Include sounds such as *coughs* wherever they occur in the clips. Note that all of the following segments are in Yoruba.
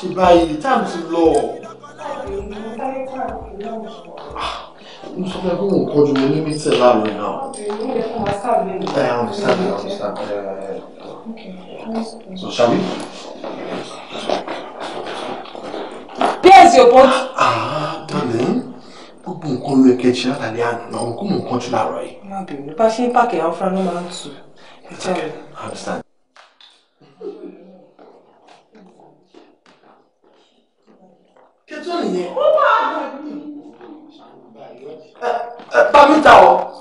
ṣe báyìí time ti lọ. mo sọ fún ẹ pé mo ń kọjú mo ní mítẹ̀ láàrin náà. ẹ ẹ understand ẹ understand ẹ ẹ. So shall we? There's your boat. Ah, darling gbogbo nǹkan ló kẹ́ ṣe látàlẹ́ àná àwọn kò mọ̀ nǹkan jù láàárọ̀ yìí. má bẹ̀rù bá ṣe ń pàkẹ́ àwọn fúlàní máa ń tù. ẹ jẹ́ ẹ. understand. tó nìyẹn. ó wà á gbàgbé. bá mi ta ọ.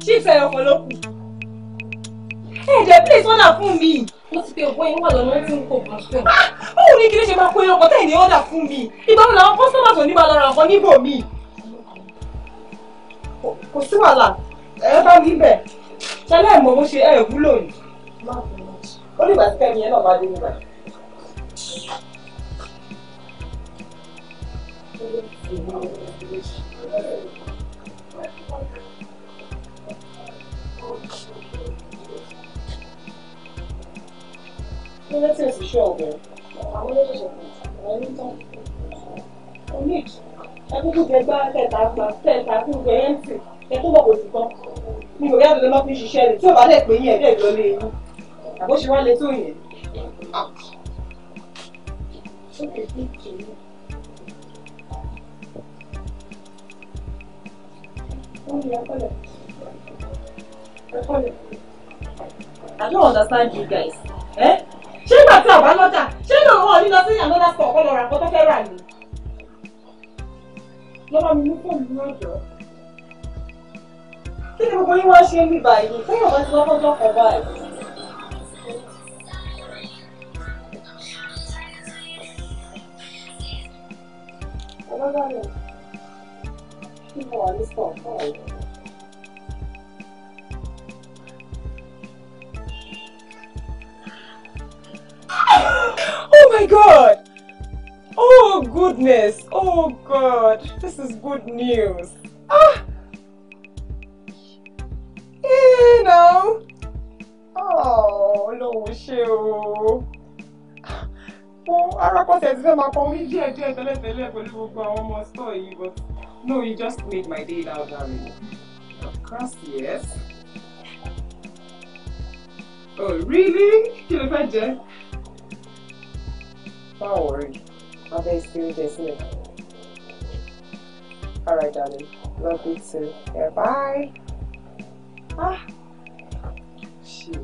chief ẹ̀rọ kan ló kù. ẹ̀jẹ̀ please ọ̀nà fún mi. mo ti pe ògbọ́n yín wà lọ́nà tí n kò bá fẹ́. Ah, báwo ni kí ló ṣe máa kó ẹran kan tẹ̀lé ọ̀dà fún mi? ìgbà wo làwọn kọ́sọ́mà ní máa lọ ra nǹkan níbò mi? kò sí wàhálà ẹ bá mi bẹ̀ ṣẹlẹ̀ ìmọ̀ bó ṣe ẹ wúlò ni. ó lè gbà sípẹ́ mi yẹn náà bá dé nígbà. Kí ló tẹ̀sí ṣọ́ ọ̀gbẹ́? Àwọn olóṣèlú ọ̀rẹ́ ń tán. Oníjì, ẹgbẹ́ gbogbo ẹgbẹ́ tẹ̀ta gba tẹ̀ta gbogbo ẹ̀yẹ́ntì ẹ tó bọ̀ kò sí tán mi ò yàtọ̀ lọ́mọ́ fi ṣiṣẹ́ rẹ̀ tí ò bá lẹ̀ pé yín ẹ̀ bẹ́ẹ̀ lọ lé yín àbó ṣe wá lè tó yẹn. I don't understand you guys. Eh? Ṣé ìgbà tí àbá lọ́jà? Ṣé náà wọ́n ní lọ sí another store kọ́ lọ ra nǹkan tó fẹ́ rà ni? Lọ́wọ́ mi mú fóònù ní ọ̀dọ́. kí ni gbogbo yín wá ṣe mí báyìí fẹ́yàn bá ti wá fọ́jọ́ Oh my God! Oh goodness! Oh God! This is good news! Ah! ṣe o fún arákọ̀tẹ̀ ti fẹ́ máa pọn mí díẹ̀ díẹ̀ tẹ́lẹ̀tẹ́lẹ̀ pẹ̀lú gbogbo àwọn ọmọ stọ̀ yìí but no you just made my day now darling of oh, course yes. oh really kí ló fẹ́ jẹ. má wọrí abẹ́ ìsinmi jẹ sílẹ̀. all right darling love you too yeah, bye. ah Shit.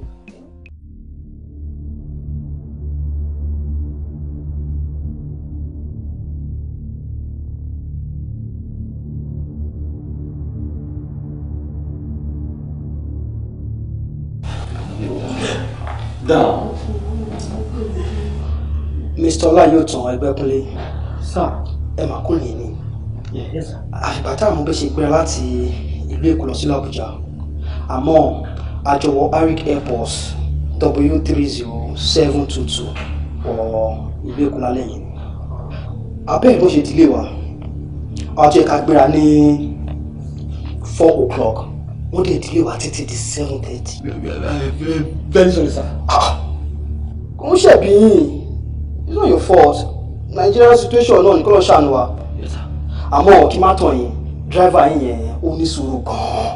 down. Mr. Ọlá yóò tàn ẹgbẹ́ kúnlé. Sir. Ẹ máa kó lèyìn ni. Yes sir. Àfìgbà tá à mú bẹ́ẹ̀ ṣe gbéra láti ìlú Èkó lọ sílẹ̀ Àbújá. Àmọ́ àjọwọ̀ Arik Airport W three zero seven two two wọ ìlú Èkó lálẹ́ yìí. Abẹ́ẹ̀ ló ṣe dílé wa. Àwọn tó gbéra ní four o'clock wọ́n lè dílé wa títí di seven thirty. very sorry sir. Ah! kò ń ṣẹ̀bi yín it's not your fault Nigerian situation náà ní kọ́ lọ́ọ́ ṣàánú wa àmọ́ kí má tàn yín driver yín yẹn ó ní sùúrù gan-an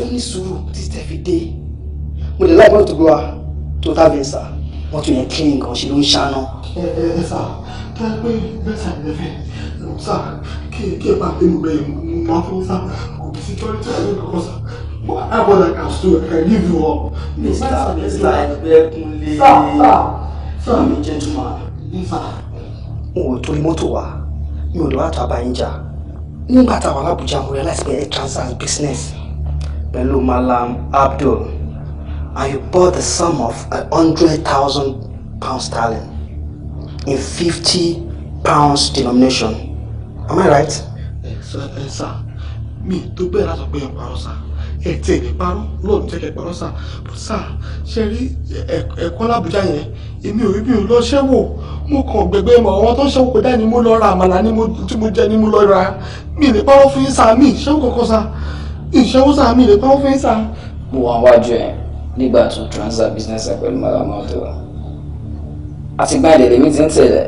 ó ní sùúrù títí tẹ́ fi dé mo lè láì bọ́ọ̀lù tó gbé wa tó tábìlì sà wọ́n tún yẹn clean gan ṣe ló ń ṣáná. ẹ ẹ sà tó ẹ pé bẹ́ẹ̀ sà lẹ́fẹ̀ẹ́ sà kí ẹ bá bẹ́ẹ̀ mú bẹ́ẹ̀ mú máa fún sà security I don't know sir. But I have what I can do. I can give you up. Mr. Mr. Abekunle. Sir, sir. I'm a gentleman. Sir. Oh, to the mọ́tò You mi ò lọ wá tàbá You jà. have táwọn alábùjá mo realize pé ẹ transact business Hello, Malam Abdul and you bought the sum of a hundred thousand pounds sterling in fifty pounds denomination. Am I right? Yes, sir mi tó bẹ́ẹ̀ láti pé ìparọ́ sá ẹ tẹ lè parọ́ lọ́ọ̀dún parọ́ sá sá ṣe rí ẹ̀kọ́ làbújá yẹn èmi ò rí bí o lọ ṣẹ́wò mo kàn gbẹgbẹ́ mọ̀ àwọn tó ń ṣẹ́wò kọjá ni mo lọ ra àmàlà tí mo jẹ ni mo lọ ra mi lè parọ́ fún yín sá mi ìṣẹ́wò kankan sá ìṣẹ́wò sá mi lè parọ́ fún yín sá. mo wá wájú ẹ nígbà tó transfer business ẹ pẹ̀lú malamọ́tò àtìgbà ìdèlè mi ti ń tẹ̀lé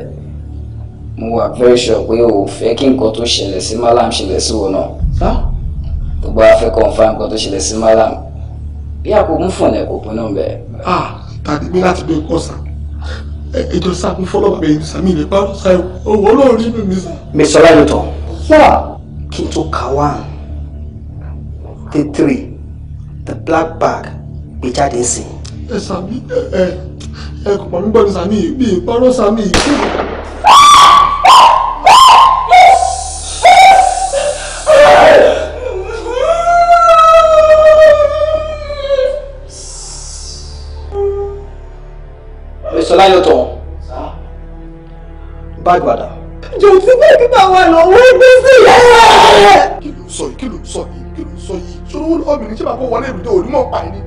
mo wà very sure pé o fẹ́ kí nǹkan tó ṣẹlẹ̀ sí malam ṣẹlẹ̀ sí wọn náà gbogbo afẹ́ confam kan tó ṣẹlẹ̀ sí malam bí àkókún fún ẹ̀ kò kún náà bẹ́ẹ̀. ah tàbí mi láti bẹ kọ sá ètò sá mi fọlọ́ bẹ yìí sàmì lè bá sá owó náà rí mi sá. mi sọlá ló tọ yàrá kí n tó kà one the three the black bag gbé jáde sí. ẹ sàmì ẹ ẹ kò mọ̀ mí gbọ́dọ̀ sàmì bí ìparọ́ sàmì yìí. láyọ̀ tọ̀ báàgì bàdà. jò tí bẹ́ẹ̀ bá wà lọ́wọ́ ẹgbẹ́ sí yẹn. kí ló ń sọ yìí kí ló ń sọ yìí kí ló ń sọ yìí ṣòro obìnrin ṣé bàbá wọlé ìbùdó òní mọ̀ pa ẹni.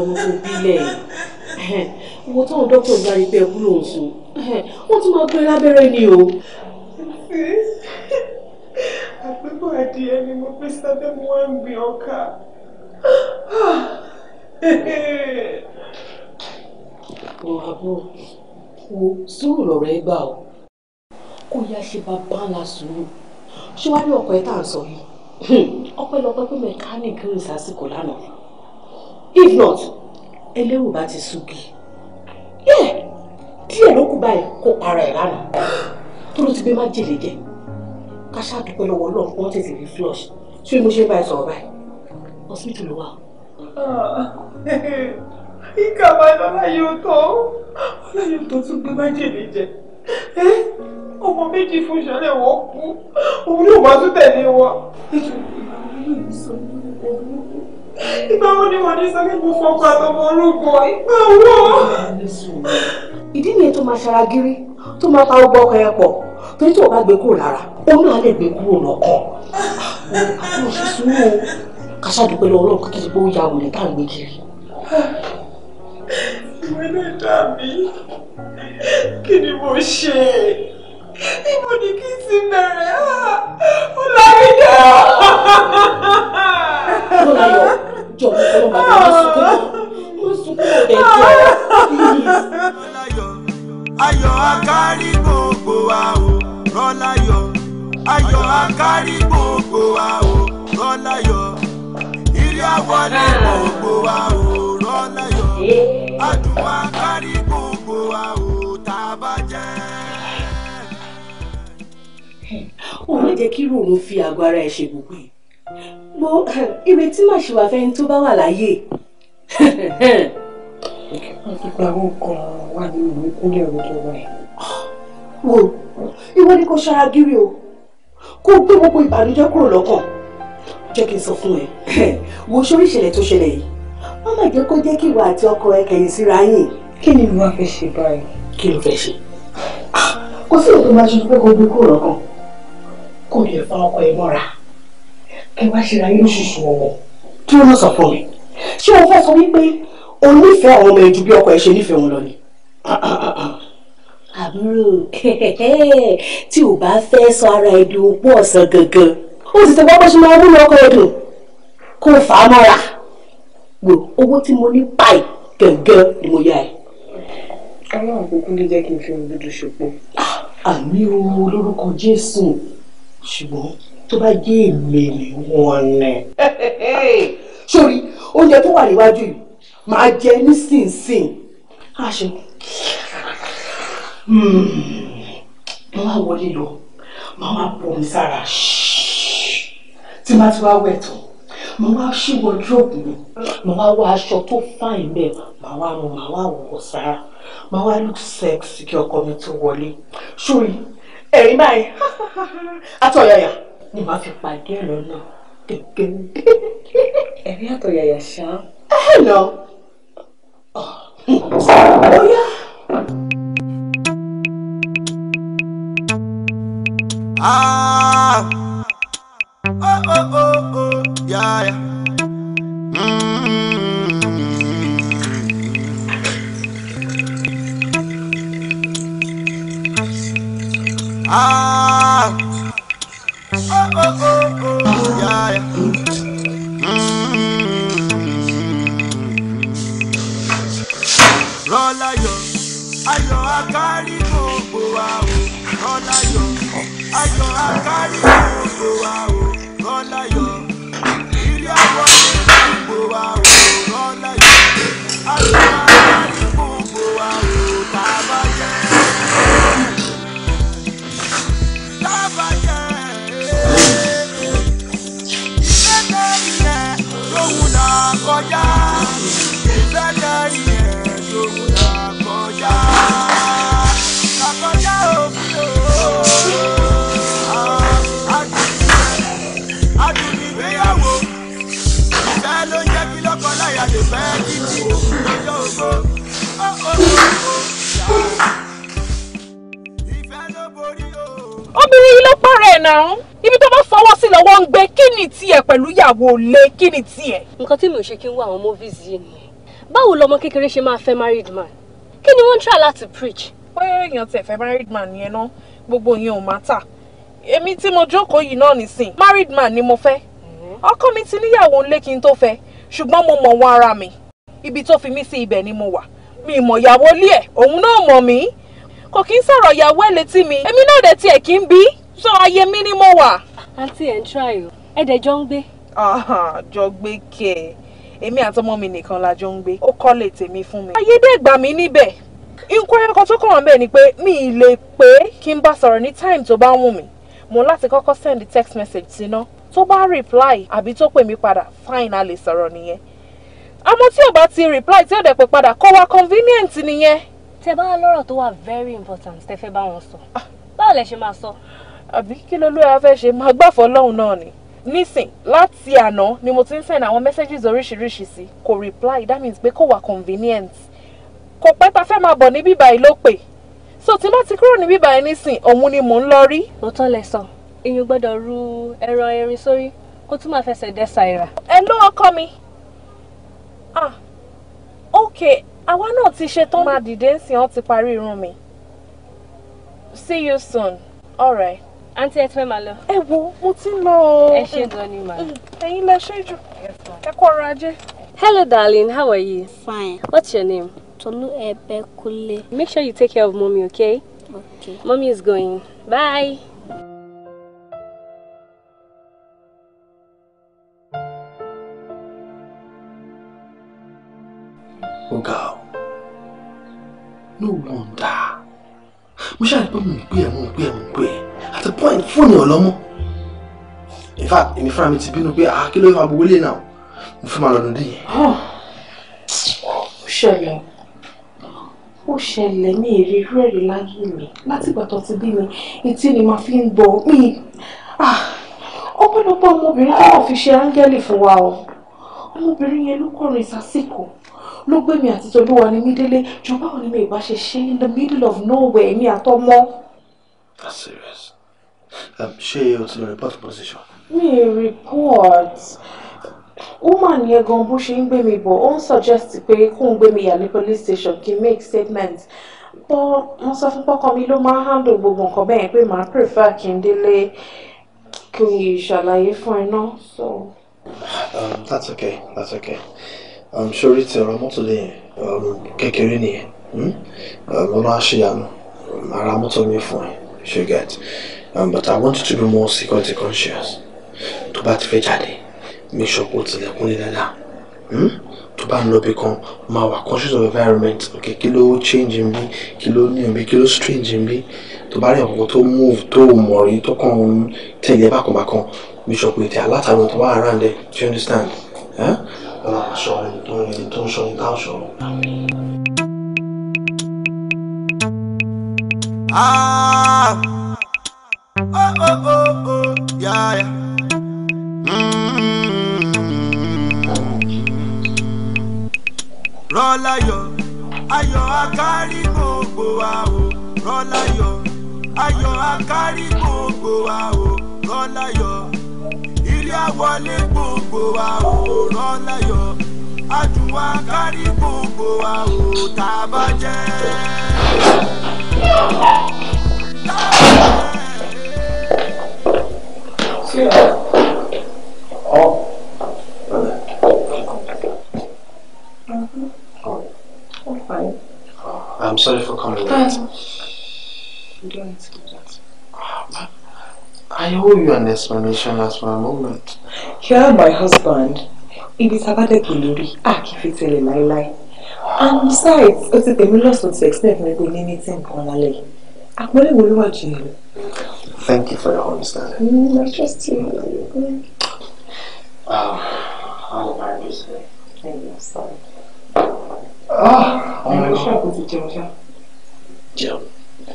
ọmọ tó bílẹ̀ wo táwọn dókítà bá rí pé ẹkú lòun so wọ́n tún máa pé lábẹ́rẹ́ ni o. àpébọ̀ adìyẹ ni mo fi sábẹ́ mú wá ń gbin ọkà. ọ̀ àbúrò wo sùúrù lọ̀rọ̀ ẹ gbà ọ́ kó yá ṣe bá bá ńlá sùúrù ṣé wàá ní ọkọ̀ ẹ tá à ń sọ yìí ọpẹ́lọpẹ́ pé mẹkáníìkì rìn sásìkò lánàá if not ẹlẹ́rù bá ti súngi yẹ́ẹ̀ díẹ̀ ló kù báyìí kó para ẹ̀ lánàá tó ló ti gbé má jèlè jẹ ká ṣàdúpẹ́ lọ́wọ́ náà wọ́n tètè rí flush tí mo ṣe bá ẹ sọ̀rọ̀ báyìí hospital ló wà. Ah, ìkà máa lọ láyé ọ̀tọ̀ láyé ọ̀tọ̀ tún gbé má jèlè jẹ ọmọ méjì fún ìṣẹ̀lẹ̀ wọn kú òun yóò máa tún tẹ̀lé wọn. ìṣòro ìgbà wo sọ ní ọdún ìgbà ni wọ́n ní sọ pé mo fọkọ àtọmọ orúkọ ìgbà wo. ìdí nìyẹn tó máa ṣara gírí tó máa pa ọgbọ ọkọ ẹ pọ̀ torí tó o bá gbé kúrò lára òun náà lè gbé kúrò lọ́kàn àbúrò ṣe sùúrù kásádùúgbẹ́ lọ́wọ́ lọ́kàn tó ti gbó ya òun lè gbé kiri. ìwé náà dà mí kí ni mo ṣe ibo ni kí n ti bẹ̀rẹ̀ ó ah, láyé dé o. lọ́láyọ̀ jọ mi kọ́ lọ́mọdé má sunkún mọ́ má sunkún mọ́ bẹ́ẹ̀ jọ ayọ̀ akárí gbogbo wa o rọ́láyọ̀ ayọ̀ akárí gbogbo wa o rọ́láyọ̀ ilé àwọlé gbogbo wa o rọ́láyọ̀ eh. adùn akárí gbogbo wa o tá ò ní jẹ́ kí ròònù fi àgọ́ ara ẹ̀ ṣègbùgbé bó ìrètí mà ṣe wà fẹ́ni tó bá wà láyé. ìwọ ni kò ṣara gírí o kó o gbé gbogbo ìbànújẹ́ kúrò lọ́kàn jẹ́ kí n sọ fún ẹ wo sórí ìṣẹ̀lẹ̀ tó ṣẹlẹ̀ yìí wọ́n má jẹ́ kó jẹ́ kí ìwà àti ọkọ ẹ kẹ̀yìn síra yín. kí ni mo máa fẹ́ ṣe báyìí. kí ló fẹ́ ṣe. Ah, kò sí ètò máa ṣe pé kó gbé kúrò lọ́kàn kò lè fa ọkọ ẹ mọ́ra kẹ wá ṣe ra yín oṣooṣù ọmọ kí wọn sọ fún mi ṣé o fẹ́ sọ wípé o nífẹ̀ẹ́ àwọn ọmọ ẹ ju bí ọkọ ẹ ṣe nífẹ̀ẹ́ wọn lọ ni. àbúrò *laughs* tí o bá fẹ́ sọ ara ẹ di opó ọ̀sán gangan ó sì ti gbọ́ bó ṣe máa wúlò ọkọ ẹ kó fà á mọ́ra wò owó tí mo ní páì gangan ni mo yá ẹ. ọlọ́run kúkú ló jẹ́ kí n fi ohun dúdú ṣòpó. Ah, àmì o jésù ṣùgbọ́n tó bá jẹ́ èmi ni wọ́n ní. sórí *laughs* oúnjẹ tó wà níwájú yìí máa jẹ nísinsìnyí á ṣe máa hmm. wọlé lọ máa wá bomi sára tí máa ti wá wẹ̀ tán máa wá ṣí wọdúróòbù mi máa wá wọ aṣọ tó fáìn bẹ́ẹ̀ máa wá mú máa wá wọ̀ sára máa wá look sexy kí ọkọ mi tó wọlé sórí ẹ̀rín báyìí *laughs* àtọ̀yàyà ni màá fi pàdé ẹ̀ lọ́nà gẹ́gẹ́ ẹ̀rín àtọ̀yàyà ṣá. ẹ lọ ó yá. Ah, oh, oh, oh, oh, yeah, yeah. Ah. Oh, oh, oh, oh. Yeah, yeah. Mm. Rọ́láyọ̀, ayọ̀ akárí gbogbo wa o. Rọ́láyọ̀, ayọ̀ akárí gbogbo wa o. Rọ́láyọ̀, ìrírí àwọn ọmọ gbogbo wa o. Rọ́láyọ̀, ayọ̀. oh oh oh oh lọ́kọ̀ọ́láyà lè fẹ́ kí ni lọ́jọ́ ògbó. obìnrin yìí ló pààrọ̀ ẹ̀ náà ibi tó bá fọwọ́ sí lọ́wọ́ ń gbé kí ni tiẹ̀ pẹ̀lú ìyàwó lé kí ni tiẹ̀. nǹkan tí mi ò ṣe kí n wá àwọn movies yìí nìyẹn báwo lọmọ kékeré ṣe máa fẹ́ married man kí ni wọ́n ń try láti preach. pé èèyàn tẹ̀ fẹ́ married man yẹn náà gbogbo yẹn ò máa tà èmi tí mo jókòó yìí náà nìsín married man ni mo fẹ́ mm-hmm. ọkọ mi ti níyàwó ńlé kí n tó fẹ́ ṣùgbọ́n mo mọ̀ wọn ara mi ibi tó fi mí sí ibẹ̀ ni mo wà mi mọ̀ kò kí ń sọ̀rọ̀ ìyàwó ẹ̀ létí mi èmi náà dẹ̀ tiẹ̀ kí ń bí sọ ayé mi ni mo wà. àǹtí ẹ̀ ń try o ẹ dẹ̀ jọ ń gbé. jọ gbé kẹ èmi àtọmọ mi nìkan la jọ ń gbé ó kọ́lé tèmi fún mi. ayédègbà mi níbẹ̀ nǹkan ẹ̀kọ́ tó kàn wọ́n bẹ́ẹ̀ ni pé mi ì lè pé kí n bá sọ̀rọ̀ ní time tó bá wù mí mo láti kọ́kọ́ send text message síná tó bá reply àbí tó pè mí padà fine a lè sọ̀rọ̀ nìyẹn àmọ́ tí ò bá ti reply tí ò dẹ̀ pè padà kò wá convenient nìyẹn tẹ bá lọ́rọ̀ tó wà very important tẹ fẹ́ bá wọn sọ báwo lẹ ṣe máa sọ. àbí kí ló lóra fẹ́ ṣe máa gbàfọ́ lọ́hùn náà ni nísìn láti àná ni mo ti ń send àwọn messages oríṣiríṣi sí kò reply that means pé kò wà convenient kò pẹ́ ta fẹ́ máa bọ̀ ní bíbá yìí ló pè so tí bá ti kúrò ní bíbá yìí nísìn òun ni mò ń lọ rí. òótọ́ lẹ sọ èyí gbọ́dọ̀ ru ẹran erin sórí kó tún máa fẹsẹ̀ dẹ́sà ìrà. ẹ ló ọkọ mi ah Okay àwa náà ti ṣetán máa dìde ń sìn ọ́n ti parí irun mi. see you soon alright. àǹtí ẹ ti fẹ́ máa lọ. ẹ wo mo ti ń lọ o. ẹ ṣe gan ni màá. ẹ̀yin lẹ ṣe jù ẹ kọ́ ọrọ̀ ajé. hello darling how are you. fine. what's your name. Tolu Ebekule. make sure you take care of mommy okay. okay. mommy is going bye. ó ga ọ no wonder mo ṣáà pé mo ń pè ẹ mo ń pè ẹ mo ń pè ẹ at a point fóònù ọlọ́mọ in fact èmi fúnra mi ti bínú pé ah kí ló fà gbogbo ilé náà mo fẹ́ máa lọ lóde yẹn. Ah. ó ṣẹlẹ̀ ó ṣẹlẹ̀ ní èrè irú ẹ̀rí láyé mi látìgbà tó ti bí mi etí ni màá fi ń gbọ́ mi ah, ọpẹ́lọpẹ́ ọmọbìnrin tó wà fi ṣe áńgẹ́lì fún wa o ọmọbìnrin yẹn ló kọrin sásìkò ló gbé mi àti tolúwa ni mí délé jù báwo ni mi ìbá ṣe ṣe in the middle of nowhere mi àtọmọ. that's serious um, ṣé o ti report position. mi report woman yẹn gan bó ṣe ń gbé mi bọ̀ ó ń suggest pé kóun gbé mi yà ní police station kí n make statement bọ́ wọ́n sọ fún pọ́kàn mi ló máa ń handle gbogbo nǹkan bẹ́ẹ̀ pé màá prefer kí n délé kí n ṣàlàyé fún ẹ so. Um, that's okay that's okay sórí um, ti ọ̀rọ̀ mọ́tò lè um, kékeré nìyẹn hmm? um, mo máa ṣe àmì ara mọ́tò mi fún ẹ ṣe get um, but I want you to be more security conscious tó bá ti fẹ́ jáde make sure kó tilẹ̀kùn lé dáadáa hmm? tó bá ń lọ bí kan máa wà conscious of environment okay kí ló change ń bí kí ló ní ń bí kí ló strange ń bí tó bá rí ọ̀kọ̀ọ̀kan tó move tó mọ̀ rí tó kàn ń tẹ̀lé bákan bákan make sure pé tẹ̀ alátàwọn tó wà around there do you understand? Yeah máa sọ ẹni tó ń tó ń sọ ní tá a sọ. Ah, oh, oh, oh, oh, yeah, yeah. rọ́láyọ̀ ayọ̀ akárí gbogbo wa o rọ́láyọ̀ ayọ̀ akárí yá wọlé gbogbo wa ò rán láyọ̀ kárí gbogbo wa ò tá I'm sorry for coming late. Um, I owe you an explanation as for a moment. You my husband. It is about the glory. lórí, a kì í fi tẹ̀lé And besides, o ti tèmi lọ́sùn to expect me pé ní ní tí nǹkan lálẹ́ yìí. Àpọ́nlé wo ló wà jù yẹn Thank you for your understanding. Mm, I trust you. Mm. how am I busy? I'm sorry. Ah, I'm sure I could jump. Jump.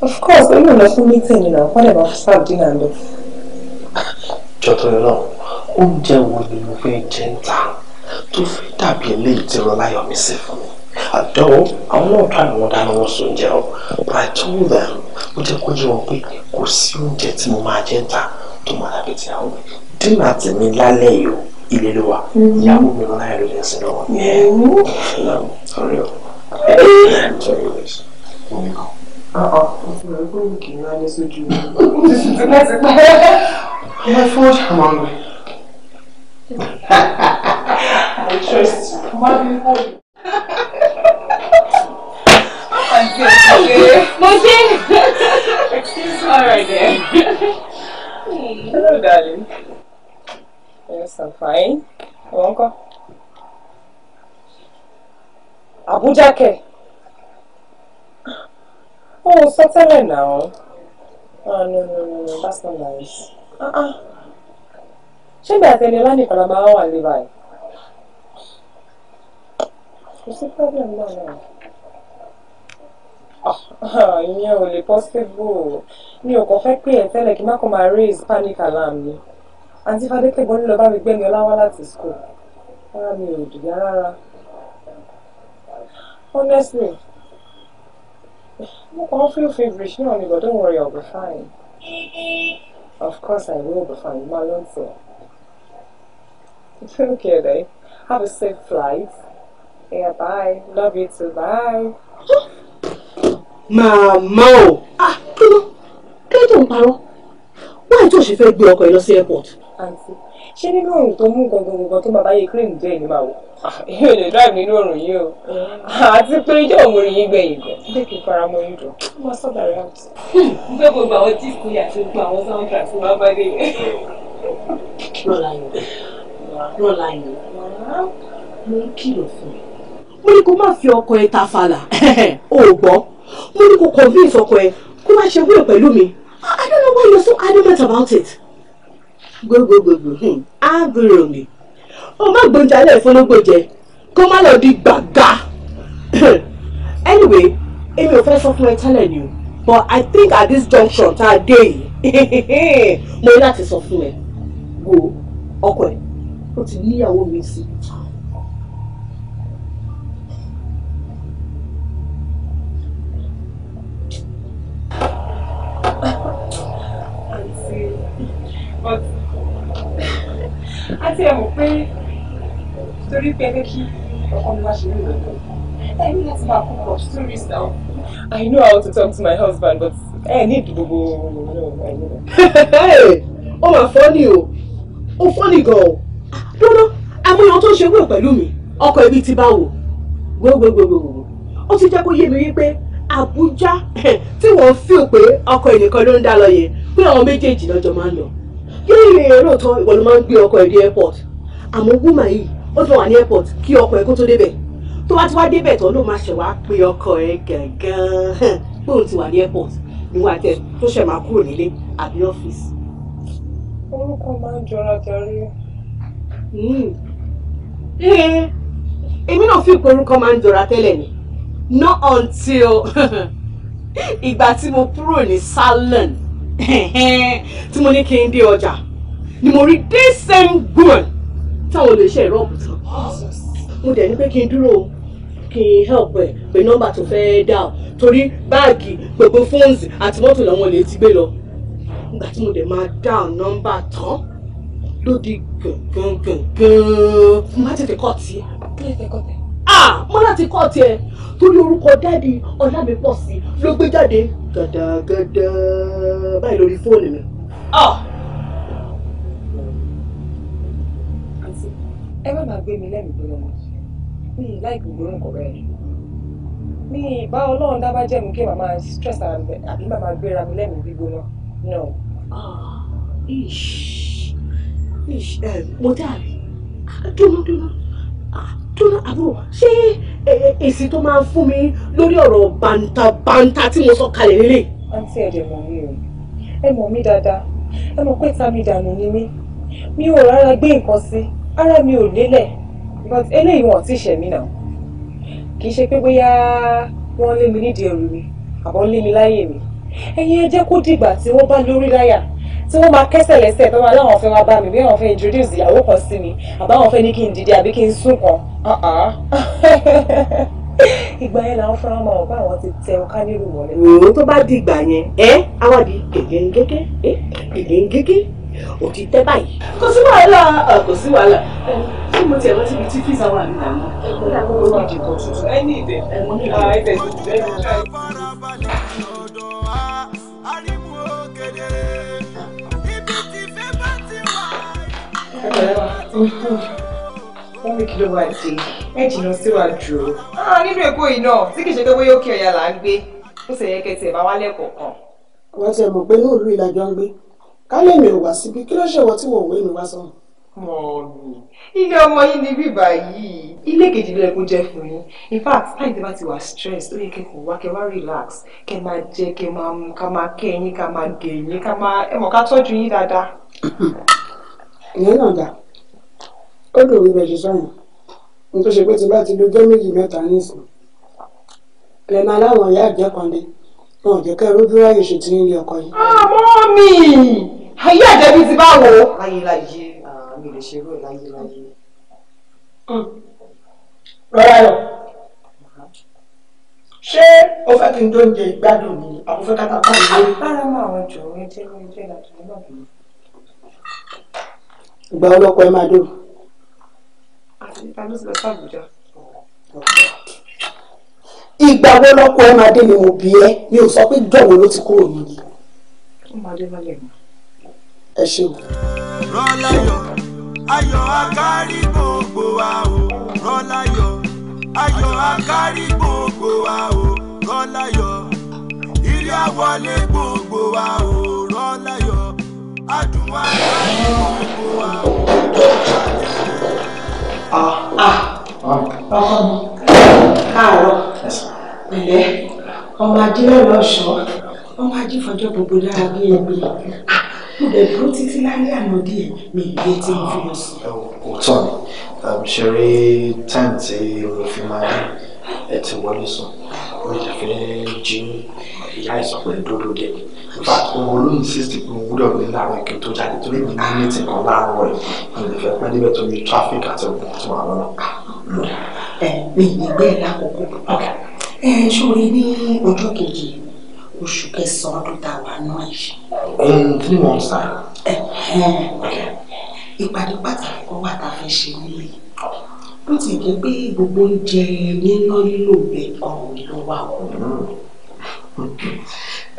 Of course, we're not meeting, you know, whatever, start dinner and jọ̀tọ̀rọ̀ náà oúnjẹ wo ni mo fẹ́ jẹ ń ta tó fẹ́ dàbí eléyìí tí rọláyọ̀ mi sè fún mi àdánwò àwọn ọ̀dọ́ àwọn dáná wọn sùn jẹ ọ but I told them ó jẹ́ kó yé wọn pé kò sí oúnjẹ tí mo máa jẹ ń ta tó máa dàbí ti àwọn dínà tèmi lálẹ́ yìí o ilé ló wà mm-hmm. ìyàwó mi rọláyọ̀ ló lẹ́sìn lọ́wọ́ yẹn mm-hmm. um, sorry o sorry o sorry o. Uh-uh. *laughs* Am I food? I'm hungry. I trust you. Mommy, hungry. Moje! Excuse me. Alright then. Hello, darling. Yes, I'm fine. Your uncle? Abuja kẹ? Oh, Saturday now. Oh, no, no, no, no. That's not nice. Ah, ah. ṣé ìgbà àti ẹni lánìí kan máa wà ní báyìí kò sí problem náà náà ah, ìyẹn ò lè possible mi ò kàn fẹ́ pé ẹ̀ tẹ́lẹ̀ kí má kàn raise panic alarm ni àǹtí fadékè gbọ́n nílò bá mi gbẹ́ni ọláwá láti school rárá mi ò dìgbà rárá honestly mo kàn feel feverish náà ni but don't worry I'll be fine. Of course I will be fine, Marlon said. *laughs* okay then. Have a safe flight. Yeah, bye. Love you too. Bye. *gasps* Màmá Ah, kí ló? Kí ló Why don't parọ́? feel tí o ṣe fẹ́ gbé ọkọ̀ yìí airport? Àǹtí ṣé nínú òrùn tó mú gangan gangan tó bàbá yìí cream jẹ́ ìní máa wò ah, lè drive nínú òrùn yìí o ah, àti pé ijó òmùrì yìí gbẹ̀yìn gan bẹ́ẹ̀ kì í fara mọ́ yín dùn ó máa sọ̀dà àwùjọ. mo fẹ́ gbogbo àwọn disco yìí àti gbogbo àwọn soundtrack tí wọ́n bá dé yẹn. rọ́lá yìí mo ń kìlọ̀ fún ẹ. mo ní kó má fi ọkọ ẹ ta fàlà *laughs* o gbọ́ mo ní kó convince ọkọ ẹ kó má ṣe wúlò pẹ̀lú mi I don't know why you're so adamant about it gbogbogbò ábúrò mi ó má gbóúnjẹ alẹ́ fọlọ́gbò jẹ kó má lọ di gbàgbà *clears throat* anyway èmi ò fẹ́ sọ fún ẹ tẹ́lẹ̀ ni o but i think at this junction tá a dé yìí *laughs* mo ní láti sọ fún ẹ wo ọkọ ẹ ó ti níyàwó mi sí. But a ti ẹ̀ mọ̀ pé torí pé ẹ kí ọkọ mi wá ṣe ní ìlú ẹ láti máa kó pọ̀ story now. I know how to talk to my husband but ẹ ní ìdúgbò ó mà fọ́nì o ó fọ́nì gan-an dúró amóyan tó ń ṣe wúrò pẹ̀lú mi ọkọ ibi ti bá wò wéwéwéwéwò ó ti jẹ́ kó yé mi wípé Àbújá *laughs* tí wọ́n feel pé ọkọ ẹnìkan ló ń dá lọ yẹn pé àwọn méjèèjì lọ́jọ́ máa ń lọ yóò rí èrè lóòótọ́ ìwọ ló máa ń gbé ọkọ ẹ̀ dé airport àmọ́ wúmà yìí ó ti wà ní airport kí ọkọ ẹ̀ kó tó débẹ̀ tó bá ti wá débẹ̀ tán ló máa ṣẹ̀ wá pé ọkọ ẹ̀ gangan *laughs* bóun ti wà ní airport níwọ̀n àtẹ tó ṣẹ̀ máa kúrò nílé àbí ọ́fíìsì. orúkọ máa ń jọra jàre. Hmm. Eh, èmi náà fi pé orúkọ máa ń jọra tẹ́lẹ̀ ni not until *laughs* ìgbà tí mo kúrò ní salon *laughs* tí mo ní kí n dé ọjà ni mo rí this same woman táwọn olùṣe ìrọ́pù tán mo dẹ̀ ní pé kí n dúró kí n help ẹ̀ pé nọ́mbà tó fẹ́ dà ọ́ torí báàgì gbogbo fóònù àti mọ́tò làwọn lè ti gbé lọ nígbà tí mo dẹ̀ máa dà ọ́ nọ́mbà tán ló di gangan gangan mo má tètè kọ́ tiẹ̀ mo láti kọ́ tiẹ̀ torí orúkọ dáàdi Ọlámipọ̀sí ló gbé jáde gàdàgàdà báyìí lórí fóònù mi. Ah! àǹtí ẹ má máa gbé mi lẹ́mìí gbọ́dọ̀ mọ́ mi ì láì gbogbo nǹkan rẹ̀ mi ì bá ọlọ́run dábàá jẹ́ mi kí màmá stress àbí màmá gbéra mi lẹ́mìí gbígbóná no. Ah! ish ish eh, mo dàbí dúnú dúnú dúró àbúrò ṣé èsì tó máa ń fún mi lórí ọ̀rọ̀ bàǹtàbàǹtà tí mo sọ kalẹ̀ lélẹ̀. àǹtí ẹ̀dẹ̀ mọ̀ mí o ẹ mọ̀ mí dáadáa ẹ mọ̀ pé ta mi dànù ni mí mi ò rárá gbé nǹkan sí ara mi ò lélẹ̀ but eléyìí wọn ti ṣẹ̀mí náà kì í ṣe pé bóyá wọ́n lé mi nídìí ẹrù mi àbọ̀ ń lé mi láyè mi ẹ̀yin ẹ jẹ́ kó dìgbà tí wọ́n bá lórí láyà tí wọ́n máa kẹ́sẹ̀ lẹ́sẹ̀ tó máa láwọn fẹ́ wá bá mi bí wọ́n fẹ́ introduce ìyàwó kan sí mi àbáwọn fẹ́ ní kí n dìde àbí kí n sùn kan ìgbà yẹn làwọn fúnra máa ọgbà àwọn ti tẹ ọká nílùú mọ́lẹ̀. òun tó bá di ìgbà yẹn ẹ àwa di gègéńgégé gègéńgégé ò ti tẹ báyìí. kò sí wàhálà kò sí wàhálà tí mo tiẹ̀ lọ síbi tí fíìsà wà ní ìdáná ó dà kó o ní ìdìbò tuntun ẹ ní ìdẹ ẹ ní ìdẹ wọ́n mi kí ló wá dé ẹ jìnnà síwájú o. nínú èkó yìí náà tí kì í ṣe pé bóyá òkè ọ̀yà là ń gbé ó sì yẹ kẹsì ẹ̀ bá wálẹ̀ kọ̀ọ̀kan. wọ́n ti mọ̀ pé lóòlù ìlàjọ ń gbé ká lè mi ò wá síbi kí ló ṣèwọ́ tí wọ́n ò wé mi wá sọ́run. mọ̀ọ́nì ilé ọmọ yín ní bíbá yìí ilé kejì ló yẹ jẹ́ fún yín in fact láì tẹ́ bá ti wà stress ó yẹ kẹ́ kó wá kẹ́ wá relax kẹ́ máa jẹ kẹ́ máa mu ká máa kẹ́ yín ká máa gẹ̀ yín ká máa ẹ̀mọ́ ká tọ́jú yín dáadáa. *coughs* ìyẹn náà dà ó dùn mí bẹ́ẹ̀ ṣe sọ̀rọ̀ n tó ṣe pé tí bá ti lo ọjọ́ méjì mẹ́ta nísìn lẹ́nu aláwọ̀ ìyá àjẹ́ kan dé wọn ò jẹ́ kẹ́ rójú ráyè ṣe ti ń lé ọkọ yìí. àmọ́ mi ayé àjẹbí ti bá wò. láyé láyé mi lè ṣe rú láyé láyé. rọra yọ ṣé o fẹ́ kí n tó ń jẹ ìgbádùn mi àwọn fẹ́ kátà pàdé. rárá mọ àwọn jòwó ẹjẹ ẹjẹ ìlàjọ náà kì í ìgbà ọlọ́pàá ẹ máa dò. ìgbà wo lọ́kọ ẹ máa dé ni mo bí ẹ mi ò sọ pé jọ̀wọ́ ló ti kúrò nílé. ẹ ṣeun. rọ́láyọ̀ ayọ̀ akárí gbogbo wa o rọ́láyọ̀ ayọ̀ akárí gbogbo wa o rọ́láyọ̀ ilé àwọlé gbogbo wa o rọ́láyọ̀. Ah ah ah. àdùnwá ayé gbogbo àwọn tó bàjẹ́. ọkọ mi káàárọ̀ pẹ̀lẹ́ ọmọ ajé lọ́lọ́ ṣọ́ ọmọ ajé fọjọ́ gbogbo lára bí ẹgbẹ́ mo dẹ̀ dúró títí lálẹ́ àná díẹ̀ mi ì gbé tí mo fi lọ sí. òótọ́ ni ṣe rí táǹtì òfin máa ń ẹ̀ ti wọlé sùn mo ìdàgbẹ́ jí ìyá ìsọpọ ìdúró dé mi nípa òun ló insist pé òun gbúdọ̀ ní láàrin ìkẹ́ tó jáde torí mi ní ní tìkan láàárọ̀ ẹ̀ mi lè fẹ́ pẹ́ níbẹ̀ torí traffic àti ọ̀gbọ̀n tó wà lọ́nà. ẹ mi ì gbé ẹ lákòókò ẹ ṣòro ní ọjọ́ kejì oṣù kẹsàn-án ọdún tá a wà náà yìí. in three months time. ìpàdé pàtàkì kan wà tá a fẹ́ ṣe nílé bó ti jẹ́ pé gbogbo oúnjẹ níná lílò bẹ̀ ọ̀rọ̀ mi ló wà wọ́n.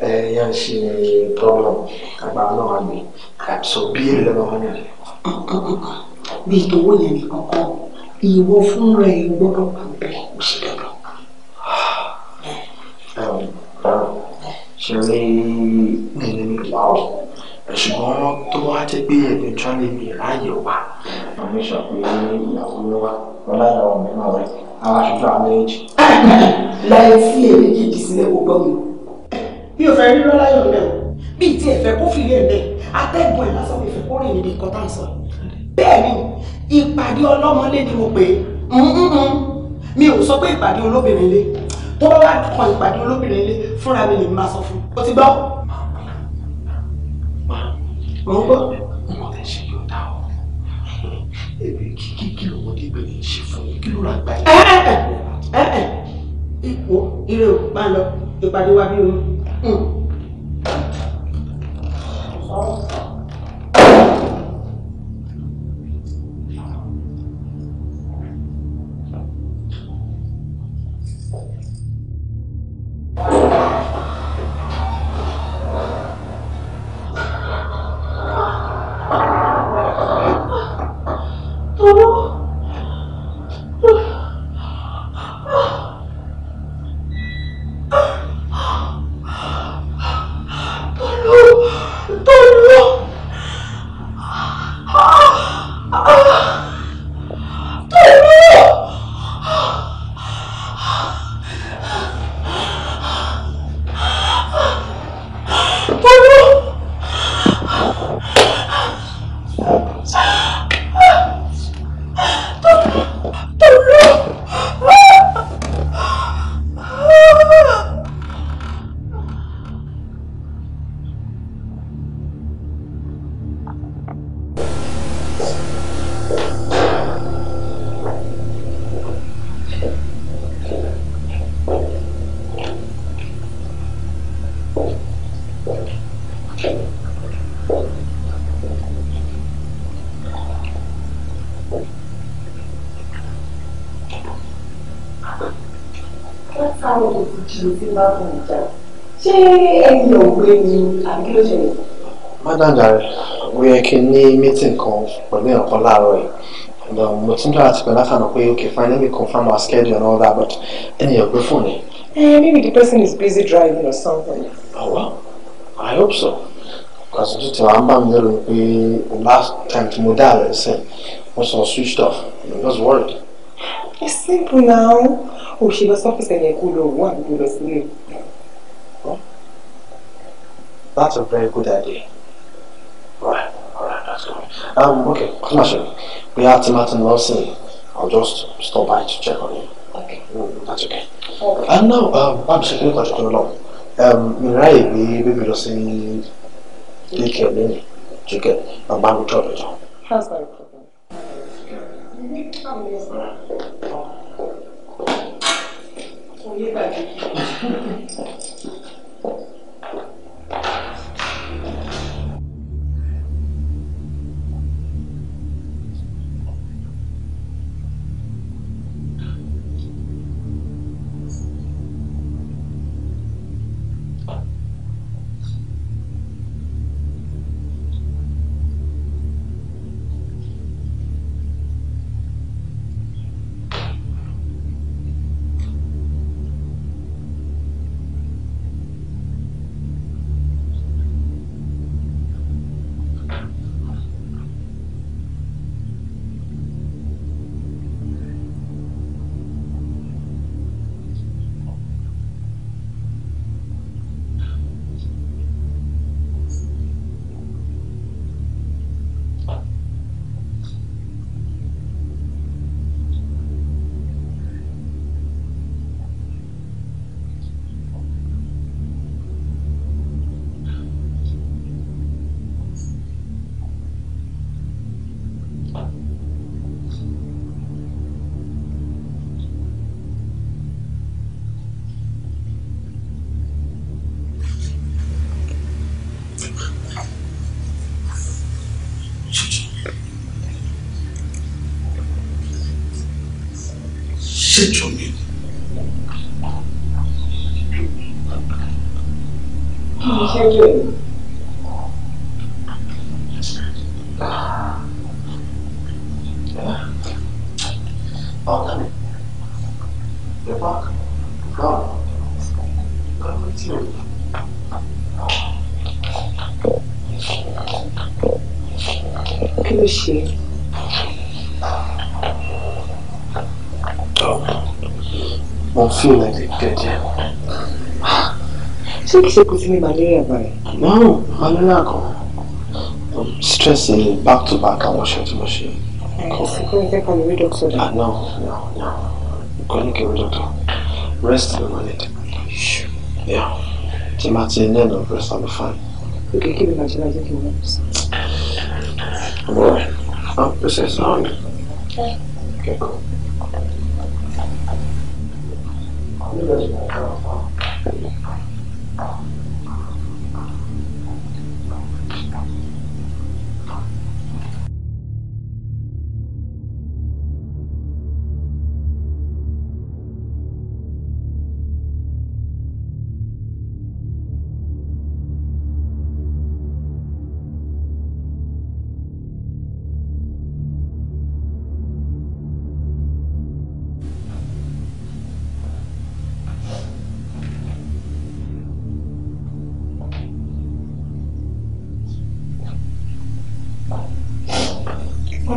Eh, yan ṣe problem àgbà náà gbé so bí èrè lọ́wọ́ wọn yẹn. bí ìtòwó yẹn ní kọ́kọ́ ìwọ fúnra ẹ gbọ́dọ̀ pàmpẹ́ òṣèlú. ṣe rí nínú ìgbà ọ̀ ṣùgbọ́n tó wá jẹ́ pé ẹ̀mí tí wọ́n lè mi ráàyè wá. àmì sọ pé ìyàwó ló wá wọn láyà ọmọ náà rẹ àwọn aṣojú àwọn méjì. láyé tí èmi kìkì sílẹ̀ kó gbọ́ mi mi ò fẹ́ rí lọ́láyọ̀ náà bí ti ẹ̀fẹ́ kó fi lé ẹ̀ atẹ́gùn ẹ̀ lásán mi fẹ́ kó rìn níbi nǹkan tá à ń sọ bẹ́ẹ̀ ni ìpàdé ọlọ́mọlé ni mo pè é mi ò sọ pé ìpàdé olóbìnrin lé tó bá wá kan ìpàdé olóbìnrin lé fúnra mi lè máa sọ fún ó ti gbọ́. mo ń gbọ́. mo lè ṣe yóò dá o èmi kí kí ló wọ́n débẹ̀ ní ṣe fún mi kí ló ra gbà yìí. ipò ire ò máa lọ ìpàdé wa bí omi. 嗯，烧 ṣe tí máa ni àbí ló ṣẹlẹ̀. madam dare ó yẹ kí n ní mítìn kan pẹ̀lú ẹ̀kan láàárọ̀ yìí um, mo ti ń dára ti pẹ̀lú àtàná pé okay fine let me confirm our schedule and all that but ẹni ẹ̀ gbé fóònù. Eh, maybe the person is busy driving or something. oh well i hope so because ojú ti wà ń bá mi lérò pé last time tí mo dá àlẹ́ sẹ́yìn wọ́n sọ switched off i was worried. it's simple now kò ṣe lọ sọ́fíìsì yẹn kó lọ òun àbúrò lọ sílé. That's a very good idea. Right, alright, that's good. Um, okay, Commissioner, we have Tim Martin Lawson. I'll just stop by to check on him. Okay. Mm, that's okay. okay. And now, um, I'm just going to go along. Um, Mirai, we will be just in Lake to get a man to How's that Mm -hmm. 你带进去。ṣé kò sí ní malaria báyìí. no malaria kan stress ni back to back àwọn ṣe tí mo ṣe. kò ní fẹ́ kàn mí rí dókítà dá. o no no kò ní kí n rí dókítà rest ló máa ní dé. tí máa ti ní ẹ̀nà rest I'll be fine. òkè kí ni màjẹ́ lájẹ́ kí n wọ́n pèsè. well I'll pèsè sound. okay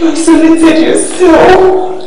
You have submitted yourself.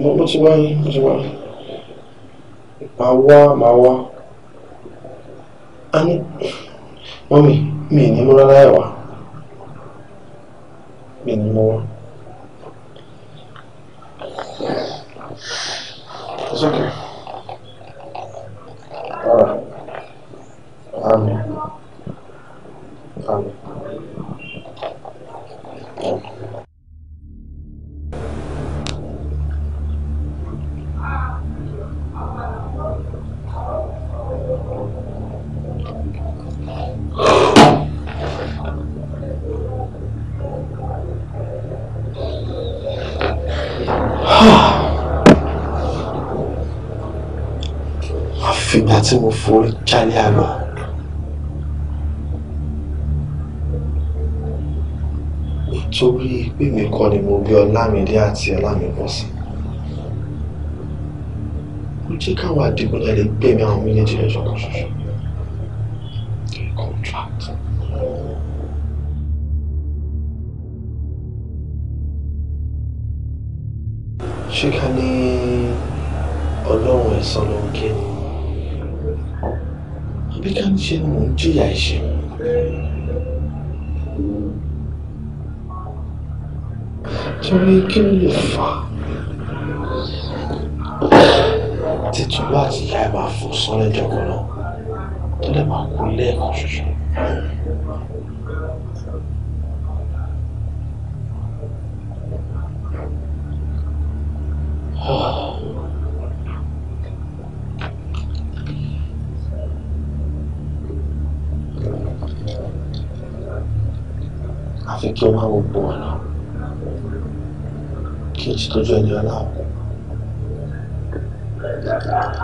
mo ti wá yín mo ti wá yín màá wá màá wá a ní mọ́mí mi ì ní múra láyà wá mi ní mú tí mo forí jálẹ̀ àná. nítorí pé mi kọ́ ni mo bí ọlámídé àti ọlámíbọ̀sí kò jẹ́ káwọn adigunjalè gbẹ̀mí àwọn méjèèjì lọ́jọ́ kan ṣoṣo. jìyà ẹ̀ṣẹ̀ torí kí ló lè fà á títúbà àti ìyá ẹ̀ máa fò sọ́lẹ̀ jọ̀gọ̀ náà tó lè máa kú lẹ́ẹ̀kan. ṣètọ́jú ẹni aláàkú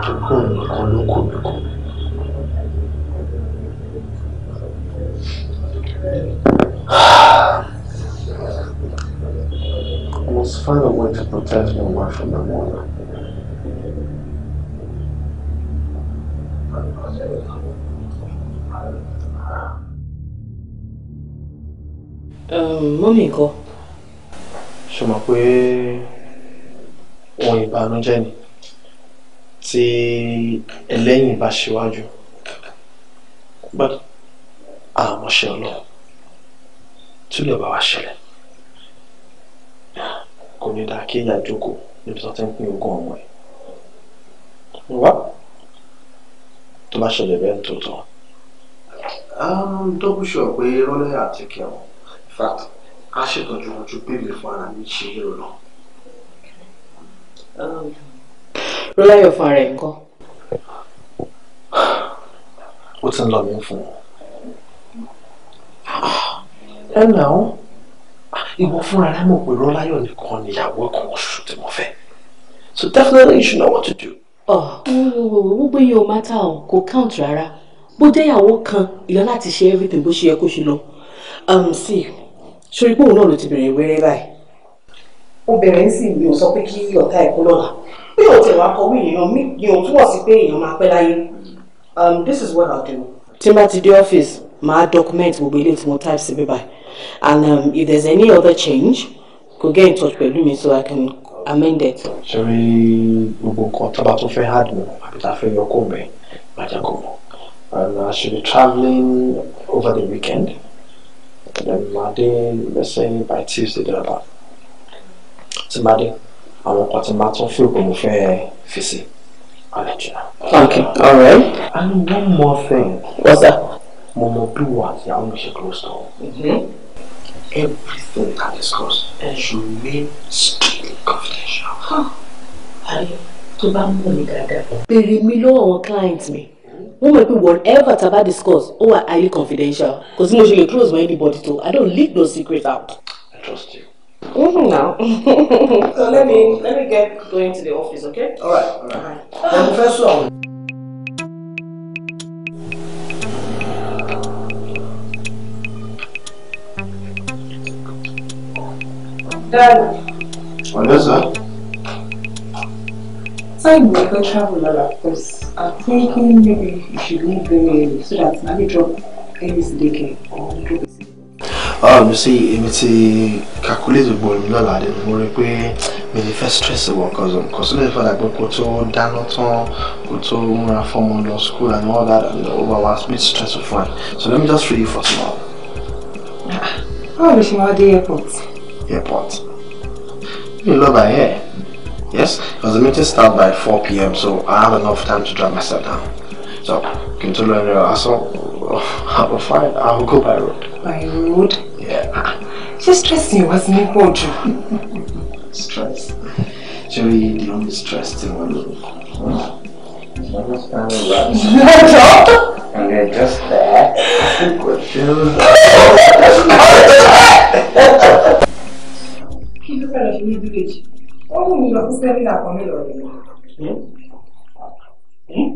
tó kó nìkan ló kó mi kú. I must find a way to protect my wife and my mother. Um, mọ́mí nǹkan. Ṣọmọ pé ohun ìbànújẹ́ ni tí ẹlẹ́yìn bá ṣíwájú but àmọ́ ṣe ọlọ́run tí lè bá wa ṣẹlẹ̀ kò ní dáa kí ìyá jókòó níbi tó ti ń pín ogún ọmọ ẹ̀ wá tó bá ṣẹlẹ̀ bẹ́ẹ̀ tó tọ́. double sure pé rọ́lẹ́ àti kẹwọn in fact a ṣètọ́jú ojú bèbè fún ara mi ṣe é lọ. Rọ́láyọ̀ fún ara ẹ̀ ńkọ́. Ó ti ń lọ mí fún un. Ah, ẹ nà ó, ìwọ fúnra rẹ mọ̀ pé Rọ́láyọ̀ nìkan ni ìyàwó kan oṣù tí mo So definitely you should know what to do. Gbogbo iye ò mátà ọ̀ kò count rárá. Bó jẹ́ ìyàwó kan, ìlọ láti ṣe everything bó ṣe yẹ kó ṣe lọ. Um, sí, ṣorí pé òun náà ló ti bẹ̀rẹ̀ wẹ́rẹ́ báyìí obìnrin sì mi ò sọ pé kí ọ̀tá ẹ̀kú lọ́la bí o tẹ̀wá kọ̀wé èèyàn mi ni ò túwọ̀ sí pé èèyàn máa pẹ́ láyé um, this is what I'll do. tí n bá ti dé ọ́fíìsì máa document gbogbo ilé tí mo type sí bíbá and um, if there's any other change go get in touch pẹ̀lú mi so I can amend it. sori gbogbo nǹkan tó bá tún fẹ́ hard mọ́ àbí tá a fẹ́ yọkọ̀ mẹ́ bàjákọ̀ mọ́ and I should be travelling over the weekend then màá dé let's say by Tuesday thereabout tí bá dé àwọn kan tí bá tún fún òkú mo fẹ́ fèsì àlejò náà. okay all right. and one more thing. what's that. mo mọ bí wo àti àwọn close to. Mm-hmm. everything I discuss should remain strictly confidential. ayé tó bá mú mi dáadáa. béèrè mi lọ́wọ́ àwọn our clients, me. mọ̀ whatever taba discuss ó wà highly confidential Because sí mo ṣe lè close with anybody to I don't leak those secrets out. I trust you. Mm, mm-hmm. no. *laughs* so let me let me get going to the office, okay? All right, all right. All right. Then first one. Dad. What is that? Time we go travel a lot because I'm thinking maybe you should leave very early so that I may drop any daycare or drop um, you see èmi ti calculate gbogbo mi lọ́la dẹ̀ mo rí pé mi ti fẹ́ stress wọn kọ́sọ̀ kọ́sọ̀ lè fàdà pé kò tó dáná tán kò tó múra fọ́mọ lọ school and all that and all that was a bit stressful for me so let me just free you for small. Ah, báwo ló ṣe máa dé airport. airport mi lọ by air yes because the meeting start by four pm so i have enough time to drive myself down so kí n tó lọ ẹni rẹ aṣọ i will oh, *laughs* find i will go by road. by road ṣé stress yẹn wá sí ní pọ̀ jù. stress ṣorí the only stress tí wọ́n lò. lọ́jọ́. and they're just there. kí ló fẹ́ràn ṣe ní village wọ́n mú mi lọ fún sẹ́mínà kan ní Ìlọrin. Hmm? Hmm?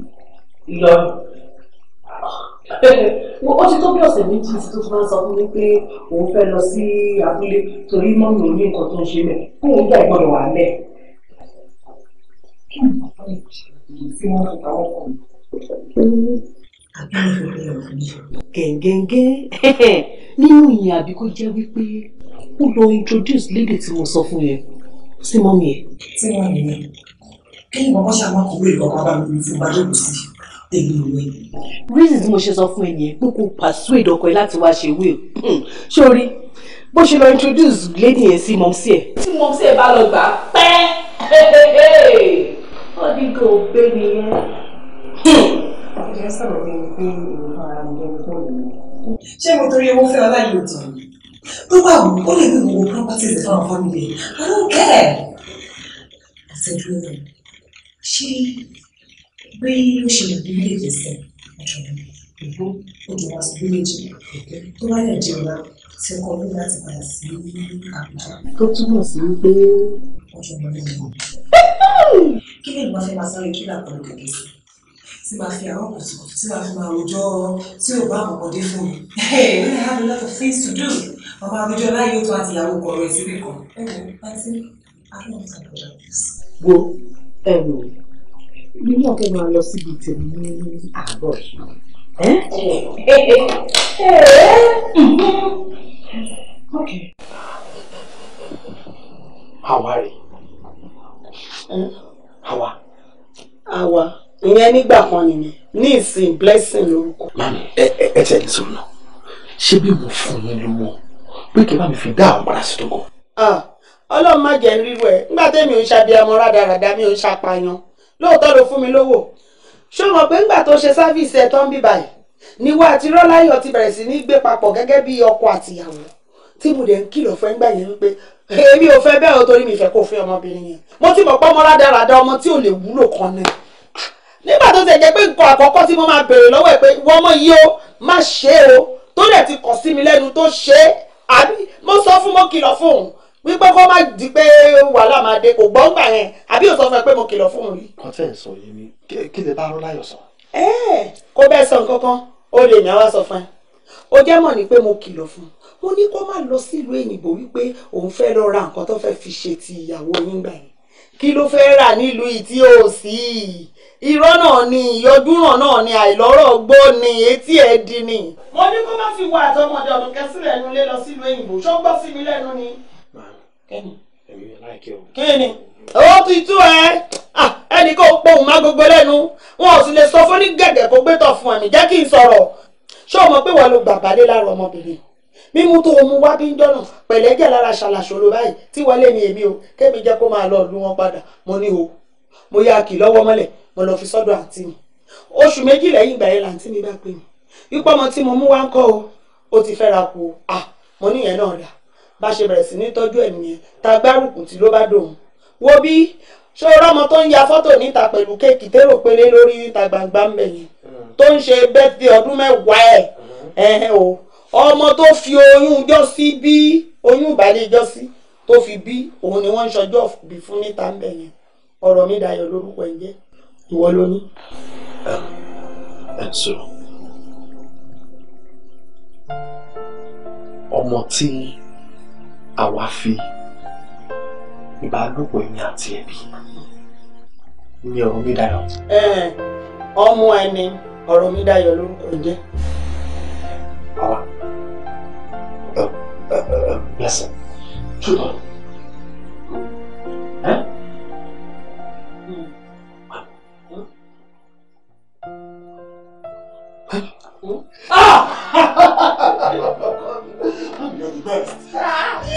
Ìlọrin ó ti tó bí ọ̀sẹ̀ méjì tó ti máa ń sọ fún mi pé òun fẹ́ lọ sí abúlé torí mọ́mí ò ní nǹkan tó ń ṣe mẹ́ kó òun gbà ìgbọ́dọ̀ wà lẹ̀. gẹ̀ǹgẹ̀ǹgẹ̀ *laughs* nínú ìyìn àbí kó jẹ́ wípé ó lọ introduce lédè tí mo sọ fún yẹn sí mọ́mí ẹ̀. sí mọ́mí ẹ̀ kí ni bàbá ṣàmà kò wé ìkọ̀kọ̀ bá mi fún bá jókòó sí èmi ò wẹ̀. reason tí mo ṣe sọ fún ẹ nìyẹn pé kò persuade ọkọ ẹ láti wá ṣe will hmm. sórí bó ṣe lọ introduce lady yẹn sí mọ̀mísí ẹ̀. tí mọ̀mísí ẹ̀ bá lọ gbà á pẹ́ ọdígbò ògbé nìyẹn. ṣé mo torí owó fẹ́ ọlá yìí tán tó bá wù ó lè gbé gbogbo properties ẹ̀ fáwọn family I don't care. àṣẹjú rẹ̀ ṣé pé ó ṣẹlẹ̀ ní ilé ìgbésẹ̀ ìbò ojú wa sí méjì tó bá lè jẹ ọ̀la tí ọkọ ọdún láti padà sí àbújá. tó túmọ̀ sí pé ọ̀jọ̀gbọ́n ní ìmọ̀. kí ni ìgbà fẹ́ máa sáré kí làpọ̀ lókè gbèsè tí màá fi àwọn kùtùkùtù tí màá fi máa rojọ́ tí ò bá àkọ́kọ́ dé fún mi. we have a lot of things to do. ọba àròjọ láyé ó tó àti ìyàwó ọkọ rẹ̀ síbì kan. ẹ wo pátí i don't want to talk about this. wo ẹ wò èmi náà fẹ́ máa lọ síbi tèmi ní àárọ̀ yìí. àwa rè àwa. àwa ìyẹn nígbà kan nìyẹn ní ìsìn blessing lórúkọ. mami ẹ ẹ ẹ tẹ̀lé sọ̀rọ̀ náà ṣé bí mo fún yín lówó pé kí n bá mi fi dá àwọn padà sí tó kọ. Ah, ọlọ́run má jẹ́ rírú ẹ̀ nígbà tẹ́mi ò ń ṣàbíamọ́ rádaràda mi ò ń ṣàpàyàn lóòótọ́ ló fún mi lówó ṣó mọ̀ pé ńgbà tó ṣe sáfíìsì ẹ̀ tó ń bí báyìí níwá àti rọ́láyọ̀ ti bẹ̀rẹ̀ sí ní gbé papọ̀ gẹ́gẹ́ bí ọkọ àtìyàwó tí mo dẹ̀ ń kìlọ̀ fún ẹgbẹ́ yẹn wípé èmi ò fẹ́ bẹ́ẹ̀ o torí mi fẹ́ kó fún ọmọbìnrin yẹn mo ti mọ̀ pé ọmọ rádaràda ọmọ tí ò lè wúlò kan náà nígbà tó ṣe jẹ́ pé nǹkan àkọ́kọ́ tí mo máa béèrè lọ́wọ́ ẹ̀ pé wọ́n mọ̀ yí o má ṣe o tó dẹ̀ ti kọ̀ sí mi lẹ́nu tó ṣe é àbí mo sọ fún mo kìlọ̀ fún òun wípé kó má di pé wàhálà máa dé kò gbọ́n gbà yẹn àbí òsọ fún ẹ pé mo kìlọ̀ fún un rí. kọ́tẹ́ sọ yìí ni kí lè bá rọ́ láyọ̀ sọ. ẹ kó bẹ́ẹ̀ sọ nǹkan kan ó lè ní àwa sọ fún ẹ ó jẹ́ mọ̀ ní pé mo kìlọ̀ fún un mo ní kó má lọ sílùú èyìnbó wípé òun fẹ́ lọ ra nǹkan tó fẹ́ fi ṣe ti ìyàwó yín gbà yẹn kí ló fẹ́ rà nílùú yìí tí ó sí irọ́ náà ni ìyọdúnràn náà ni àìlọ́rọ̀ gbó ni etí ẹ̀ di ni. mo ní kó má fi wà àtọmọdé ọdún kẹsìlẹ̀ ẹnu lé lọ sílùú èyìnbó ṣọ́gbọ́n sí mi lẹ́nu ni kíni owó ti tú ẹ ẹnì kò pohùn má gbogbo lẹ́nu wọn ò sì lè sọ fún ní gẹ̀gẹ̀ kó gbé tọ̀ fún ẹ̀mí jẹ́ kí n sọ̀rọ̀ ṣé o mọ̀ pé wọ́n lo bàbá lé lára ọmọbìnrin mímú tó o mú wá bí ń dọ́nà pẹ̀lẹ́jẹ̀ lára ṣàlàṣòro báyìí tí wọlé ni èmi o kémi jẹ́ kó máa lọ lù wọn padà mo ní o mo ya kì lọ́wọ́ mọ́lẹ̀ mo lọ fi sọ́dọ̀ àǹtí mi oṣù méjì lẹ́yìn ìgbà bá ṣe bẹ̀rẹ̀ sí ní tọ́jú ẹ̀ nìyẹn tá gbárùkù tí ló bá dòun wo bí ṣé o rọ́mọ tó ń ya fọ́tò níta pẹ̀lú kéèkì térò péré lórí níta gbangba ń bẹ̀ yẹn tó ń ṣe bẹ́tì ọdún mẹ́wàá ẹ̀ o ọmọ tó fi oyún jọ sí bí oyún ìbàlẹ̀ jọ sí tó fi bí òun ni wọ́n ń ṣọjọ́ bí fún níta ń bẹ̀ yẹn ọ̀rọ̀ mi dayọ̀ lórúkọ ẹ̀ jẹ́ ìwọ ló ọmọ tí àwa fi ìbálòpọ̀ èmi àti ẹbí ní ọ̀rọ̀ mi dayọ̀. ọmọ ẹni ọ̀rọ̀ mi dayọ̀ lórúkọ jẹ́. àwa blessing túbọ̀. Ah! *laughs* You're the best. Ah!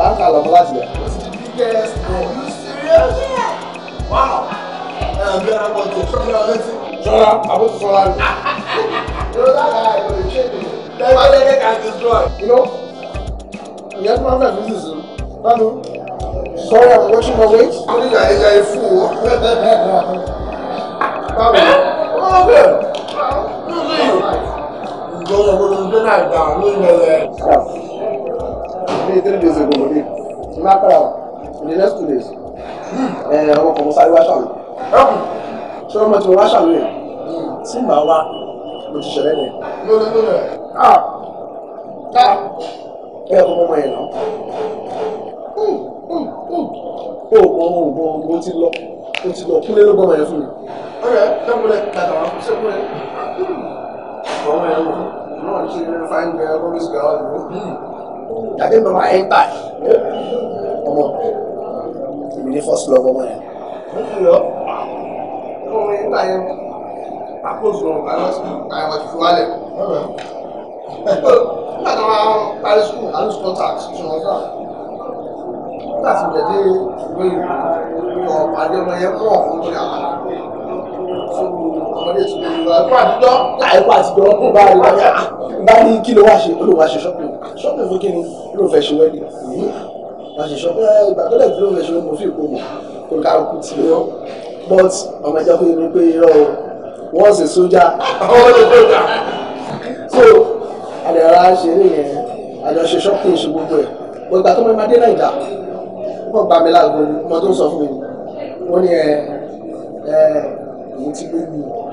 báńkà lọ fún láti rẹ̀. what's the biggest Are you serious? wow I'm ẹ ẹ bí arábọ̀ tó sọ́ra létí. sọ́ra àbúrò sọ́ra ni. you know that guy go dey change me. Báyọ̀dé can destroy. you know ìyẹn tó máa ń bẹ̀ fún sísun báwo sorry i'm watching my weight. ó ní ìyá ẹja ẹ fún o. báwo ó bẹ̀ ǹjọ́ ọ̀gbọ́n ló ń gbé náà dà lóyún ẹ̀rẹ́ three three days ago mo dé ní Accra in the next two days eh, ọmọ kan mo sáré wá ṣàlù ṣé ọmọ tí mo wá ṣàlù yẹn tí mà wá mo ti ṣẹlẹ̀ yẹn. bẹ́ẹ̀ kọ́ mọ́mọ́ yẹn náà hmm, hmm, hmm. o mọ o mọ mo ti lọ mo ti lọ kúlé ló gbọmọ yẹn fún mi. ọ̀rẹ́ dábúlẹ kàdà wà fún sẹkúlẹ. ọmọ yẹn wò náà ṣe fáin bẹ ọlọrin sìgá wà lóko tàbí màmá ẹ̀ ń bà ọmọ èmi ní first love ọmọ yẹn. ọmọ yẹn gbà yẹn àpòsù ọ̀gá lọ́sùn àyẹ̀wò ti fi wálẹ̀ nígbà tó máa ń parí school i lose contact ṣùgbọ́n ọ̀gá nígbà tí ìjẹ̀dẹ̀ ìlú ìlú ọ̀ pàdé ọmọ yẹn mú ọ̀fun lórí àpàlà ọmọdé ti bẹ̀rẹ̀ ìwà ẹ̀kọ́ àtijọ́. ẹ̀kọ́ àtijọ́ bá a ah, kí ló wá ṣe ó wá ṣe shopping shopping fún kíni ló fẹ́ ṣe wedding wá ṣe shopping eh, ìgbà tó lẹ́gbẹ̀ẹ́ ló fẹ́ ṣe mo fi ìkó mọ̀ kó kálukú ti lọ but ọmọ ìjọ pé irú pé irọ́ o wọ́n sì sójà. so àdàrà ṣe eré yẹn àjọṣe shopping ṣe gbogbo ẹ̀ gbogbo àtọ́mọ́ ìmọ̀ adé náà ìjà wọ́n gbà mí láàgbo ọmọ tó sọ fún mi wọ́n ní ẹ eh, eh, òun ti ló mi. ó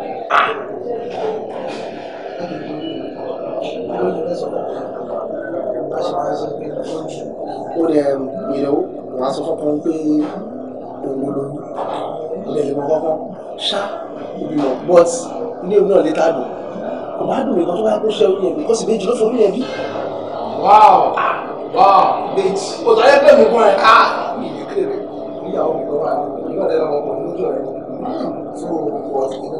lẹ ìrẹ̀wò wàá sọ fọ́kàn pé òun ló lẹ ìmọ̀ kọ́kọ́ ṣá ìbímọ but ilé ìwé náà lè ta dùn kò bá dùn nìkan tó bá kó ṣe orí ẹbí kó sì méjì ló forí ẹbí. wáò wáò méjì kò tọ́ yẹ pé ah, mi gbọ́n ẹ̀ ká. ìyẹn kéré ìyàwó mi kọ́ bá mi ìyọ́dẹ̀ lọ́mọkùnrin lójú ọ̀rẹ́ mi so kò ìpínlẹ̀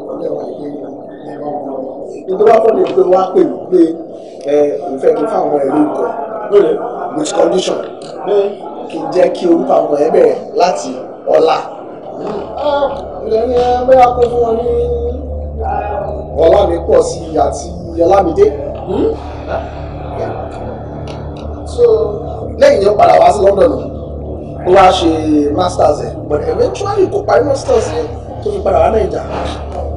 wà pé lè pe wá pè pé ẹ ìfẹ́ kí fáwọn ẹ̀rí nǹkan with condition kì í jẹ́ kí orúkọ àwọn ẹ̀ láti ọ̀la. ìrẹ̀yìn ẹ bẹ́ẹ̀ fún wọn ní ọlá mi pọ̀ sí i àti ọlámídé. so lẹ́yìn yẹn padà wá sí London ó wá ṣe masters ẹ̀ but eventually kò parí masters yẹn tó fi padà wá náà ìjà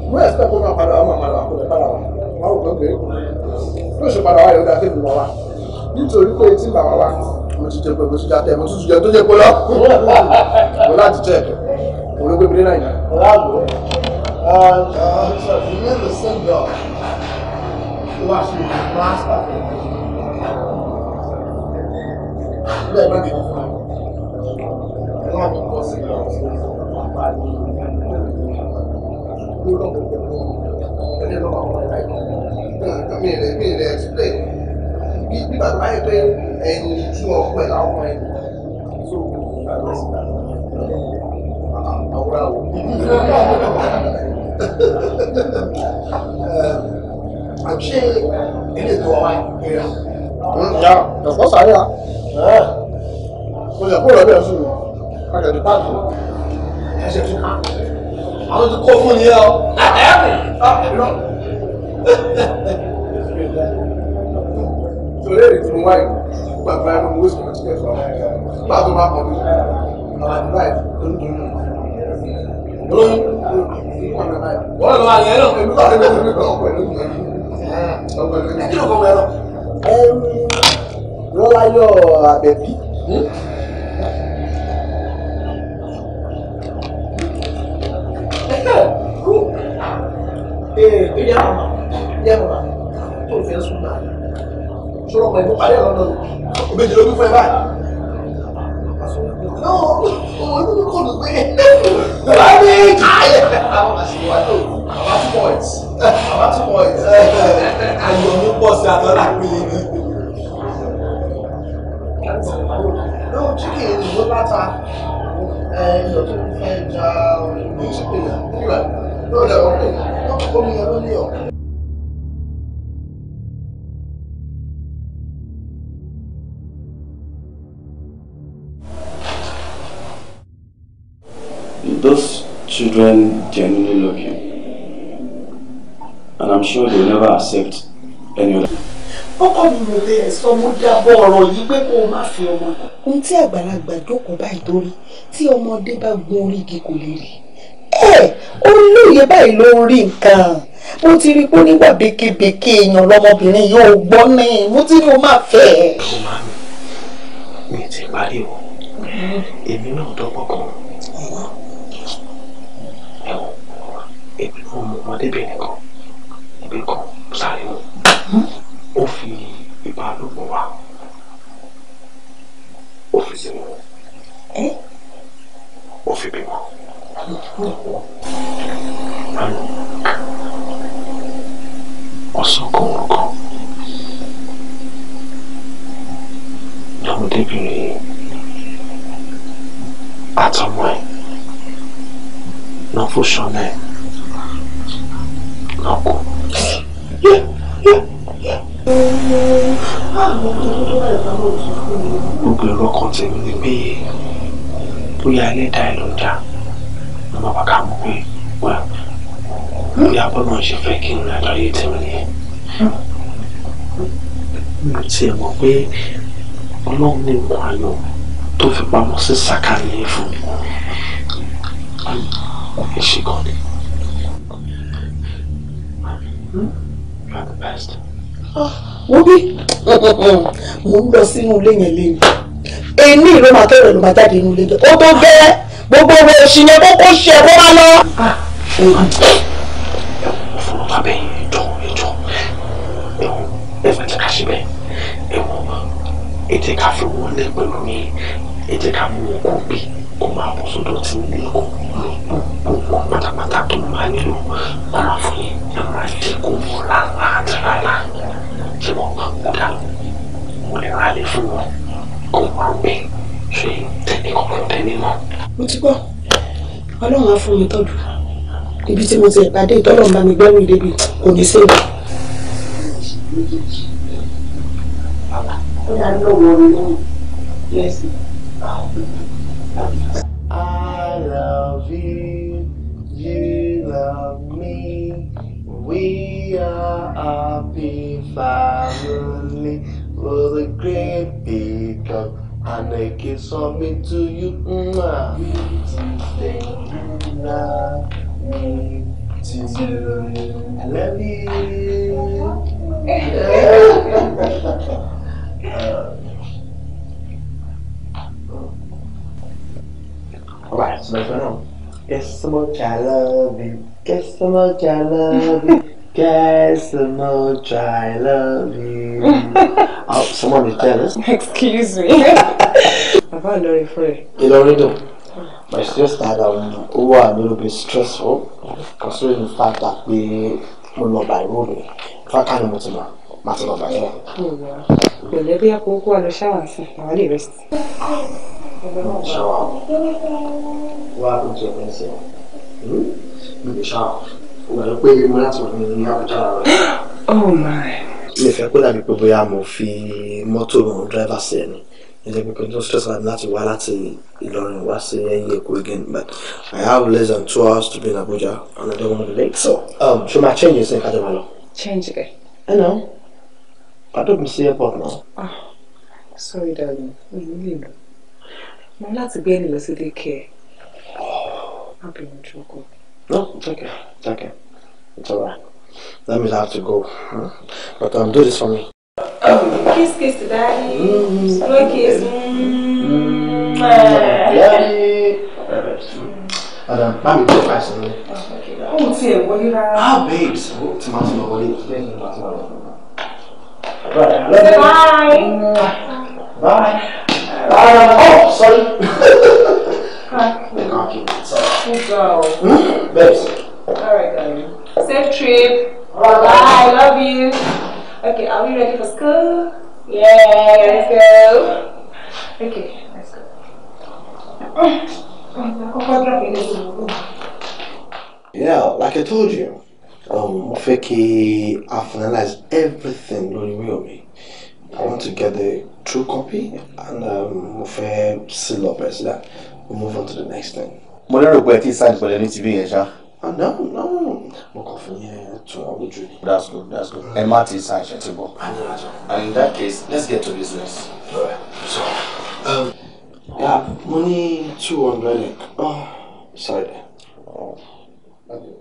mú ẹ̀sìpẹ̀ kó máa padà wá máa padà wá kó lè padà wá wọn ò gbọ́ pé ló ṣe padà wá yóò dá kébì wá wá nítorí pé tí bàbá wa mo ti jẹ pé mo ti jẹ àtẹ mo tún ti jẹ tó jẹ pé lọ mo láti jẹ mo ló gbé mi dé náà uh, ìjà. Bẹ́ẹ̀ bá kìí fún mi, ẹ̀ náà kò kọ́ sí ìyàwó sí ìyàwó àpá ní you don't you know like I mean I mean they explain bí bíbá tó báyìí pé ẹni tí wọn pẹ láwọn ẹ so àwòrán o àṣe ilé tó wà ìgbéra. ya ẹ̀fọ́ sáré a mo yẹ kó rẹ̀ bẹ́ẹ̀ sùn kájọ ní páàkì ẹ̀ ṣe tún ká àwọn tó kó fún yẹn ọ sọlẹ rẹ ti mú wáyé nígbà tó yàrá owó sọ̀rọ̀ ti kẹsàn án nígbà tó bá kọ mi àwọn àdúrà yìí ló ń dùn mí olóyún wọn lọ àlẹ náà èmi kọ́ ẹgbẹ́ mi kọ́ ọ̀pọ̀ ẹ̀lú ìgbà yìí ọ̀pọ̀ ẹ̀lú ìgbà yìí kí ló kọ́ mi ẹ̀rọ. lọ́láyọ̀ àbẹ̀bí. Hmm? ìyá màmá ìyá màmá tó fẹ́ sùn náà sọ̀rọ̀ ọmọ ẹ̀gbọ́n parí ọ̀rọ̀ náà não ló bí fún não báyìí. náà não ẹni não kọ́ ló não bàbá mi káyẹ. àwọn não tó bàbá two points bàbá two não ayọ̀ mi pọ̀ sí não pélé ni. náà chicken ìlú láta ẹ̀yìn ọ̀tún fẹ́ ja ìlú ìṣèpè não não não omi yẹn ló Those children genuinely love you. And I'm sure they'll never accept any other. Ọkọ mi mo bẹ̀rẹ̀ sọ mo dábọ̀ ọ̀rọ̀ yìí pé kó o má fi ọmọ. Ohun tí àgbàlagbà jókòó báyìí torí tí ọmọdé bá gun orí igi kò lè rí ẹ ó lóye báyìí ló rí nǹkan mo ti rí i pé nígbà békebèke èèyàn lọmọbìnrin yóò gbọ́ ní mo ti ní o máa fẹ́ ẹ. mi ti parí o èmi náà dọ́gbọ́n kan ẹ o èmi náà mo ọmọdébìnrin kan èmi kan sáré o ó fi ìbálòpọ̀ wa ó fi sínú ó fi bímọ ọ̀sán kan òun kan lọ́mọdébìnrin yìí àtọmọ ẹ̀ náà fún ṣọ́nà ẹ̀ náà kú. gbogbo ẹ̀rọ kan tèmi ni pé bóyá ẹlẹ́dàá ẹ̀ ló dá ọmọ bàbá mọ̀ pé wà ìyá bọ́lá ṣe fẹ́ kí n láyé tẹ̀mí yẹn. mi ò tiẹ̀ mọ̀ pé ọlọ́run ní nǹkan ayọ̀ tó fi pamọ́ sí sàkánìyẹ fún mi. ẹ ṣe gan ni. You are the best. Wọ́n bí mo ń lọ sínú ilé yẹn lé mi. Èmi ìlú màkẹ́rẹ̀ ló máa jáde nínú ilé yẹn. Ó tó gẹ́ẹ́ gbogbo owó òṣì yẹn kókó ṣe ẹ̀kọ́ wa lọ. ètè ah, ká fi wọ́n lé pẹ̀lú mi ètè ká mú wọn bí kó máa bọ̀ sódò tí ń lé kó gbogbo pátápátá tó máa nílò ọ̀rọ̀ fún yín ẹ̀ máa jẹ́ kó mọ̀ láńlá àti láńlá ṣe mọ̀ kódà mo lè ra fún wọn kó wọn gbé ṣe tẹ̀lé kọ̀ọ̀kan tẹ̀lé mo ti gbọ́ ọlọ́run á fún mi tọ́jú ibi tí mo ti ìpàdé ìtọ́lọ́run bá mi gbẹ́rù ìdèbí kò ní sí I love you, you love me, we are happy family, We're the great big and I kiss something to you. Mwah. Thank you love me to you. I love you. Yeah. Alright, so let's go now. Guess how much I love you. Guess how much I love you. Guess how much I love you. oh, someone is jealous. *laughs* Excuse me. Bàbá Ìlọrin fún rẹ̀. Ìlọrin dùn. But it's just that um, ó wà a little bit stressful considering the fact that we mo not by road If I ni mo ti mọ̀, màá ti lọ Yeah. air. Pẹ̀lẹ́ bí ẹ̀kọ́ kó wa lọ ṣáwà sí, àwọn hmm? lè rest. Ṣáwà o. Wá kó jẹ ẹgbẹ́ sí ọ. Mi lè ṣáwà. Ìgbà ló pé mo láti wà ní Oh my mi fẹ́ kó dàbí pé bóyá mo fi mọ́tò ràn dírẹ́fà sí ẹni ẹjẹ pé kìnìún stress am láti wá láti Ìlọrin wá sí ẹyìn Èkó again but I have less than two hours to be in Abuja and I don't want to late so um, ṣe máa change ẹsẹ̀ kájọ máa lọ. change ẹ. ẹ nà I don't miss airport now. ah sorry darling mi ò lè lọ mo láti gbé ẹni lọ sí daycare má bẹ̀rù ojú ọkọ. no it's okay it's okay it's alright. That means I have to go. But um, do this for me. Oh, kiss, kiss to daddy. Mm. Slow kiss. Mm. Mm. Daddy. Adam, mommy, go fast. Okay. Oh, Tim, what you have? Ah, babes. Oh, tomorrow's my wedding. Right. Say bye. Bye. Bye. Uh, oh, sorry. Cocky. Cocky. Sorry. Good girl. Hmm? Babes. Alright, darling. Um, safe trip. Bye. Bye. I Love you. Okay, are we ready for school? Yeah, let's go. Okay, let's go. Yeah, like I told you, um, Mufeki, I finalized everything Lori Riomi. I want to get the true copy and um, Mofe seal up as that. We move on to the next thing. Mo lérò pé ẹ ti ṣáàjì pẹ̀lú ní TV yẹn ṣáá àdáhùn láwọn. mo kàn fún yẹn tó ọ that's good that's good. ẹ má ti san ẹ̀ṣẹ̀ tí and in that case let's get to business. so um, yeah, money ní two hundred. Oh, sorry. Oh,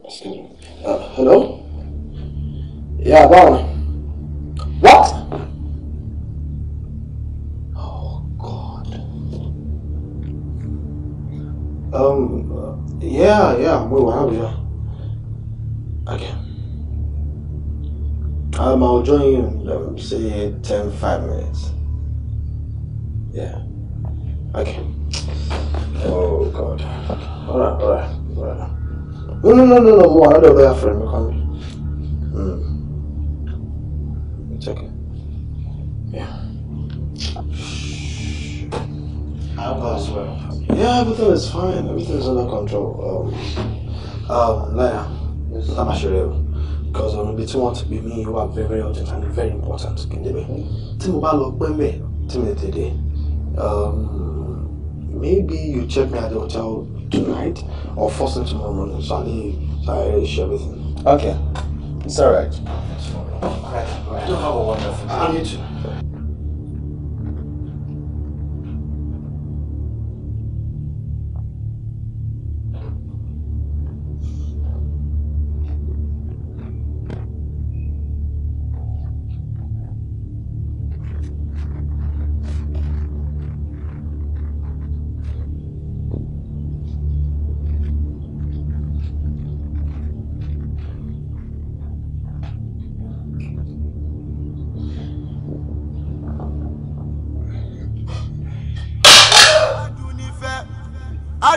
excuse me. Uh, hello? Yeah, báwo What? Oh, God. Um. Uh, Yeah, yeah, muy buena ya. Okay. Um, I'll join you in, um, say, 10, 5 minutes. Yeah. Okay. Oh, God. Alright, alright, alright. No, no, no, no, no, more. I don't know friend. Come. Mm. It's okay. Yeah. How about as well? Yeah, everything is fine. Everything is under control. Um, um, Laya, yes. I'm sure because ọ̀rọ̀ ibi tí be me, you are very very urgent and very important kí n débẹ̀. tí mo bá lọ pẹ́ mẹ́ tí um, maybe you check me at the hotel tonight or first thing tomorrow morning so I need to arrange everything. okay it's All right. All right. All right. All right. All right. All right. All right.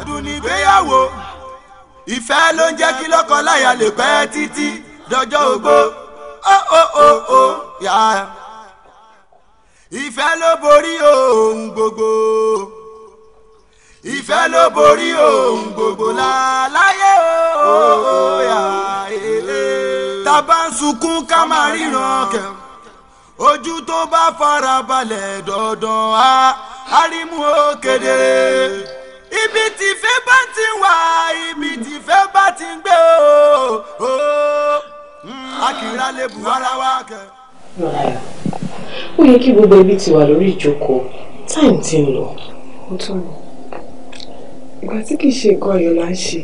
adùn nígbéyàwó ìfẹ́ ló ń jẹ́ kí lọ́kọ láya lè pẹ́ títí dọjọ́ ogbó ó ó ó ó yá ìfẹ́ ló borí ohun gbogbo ìfẹ́ ló borí ohun gbogbo láláyé ó ó yá tá bá ń sunkún ká máa ríran kẹ̀kẹ́ ojú tó bá fara balẹ̀ dandan á á rí mú ó kedere ibi tìfẹ́ bá ti wà ibi tìfẹ́ bá ti ń gbé o akira lè bu ara wa kẹ. ó yẹ kí gbogbo ibi ti wà lórí ìjókòó táìmù ti ń lọ. ó tọ́ ni ìgbà tí kì í ṣe nǹkan ayọ̀ là ń ṣe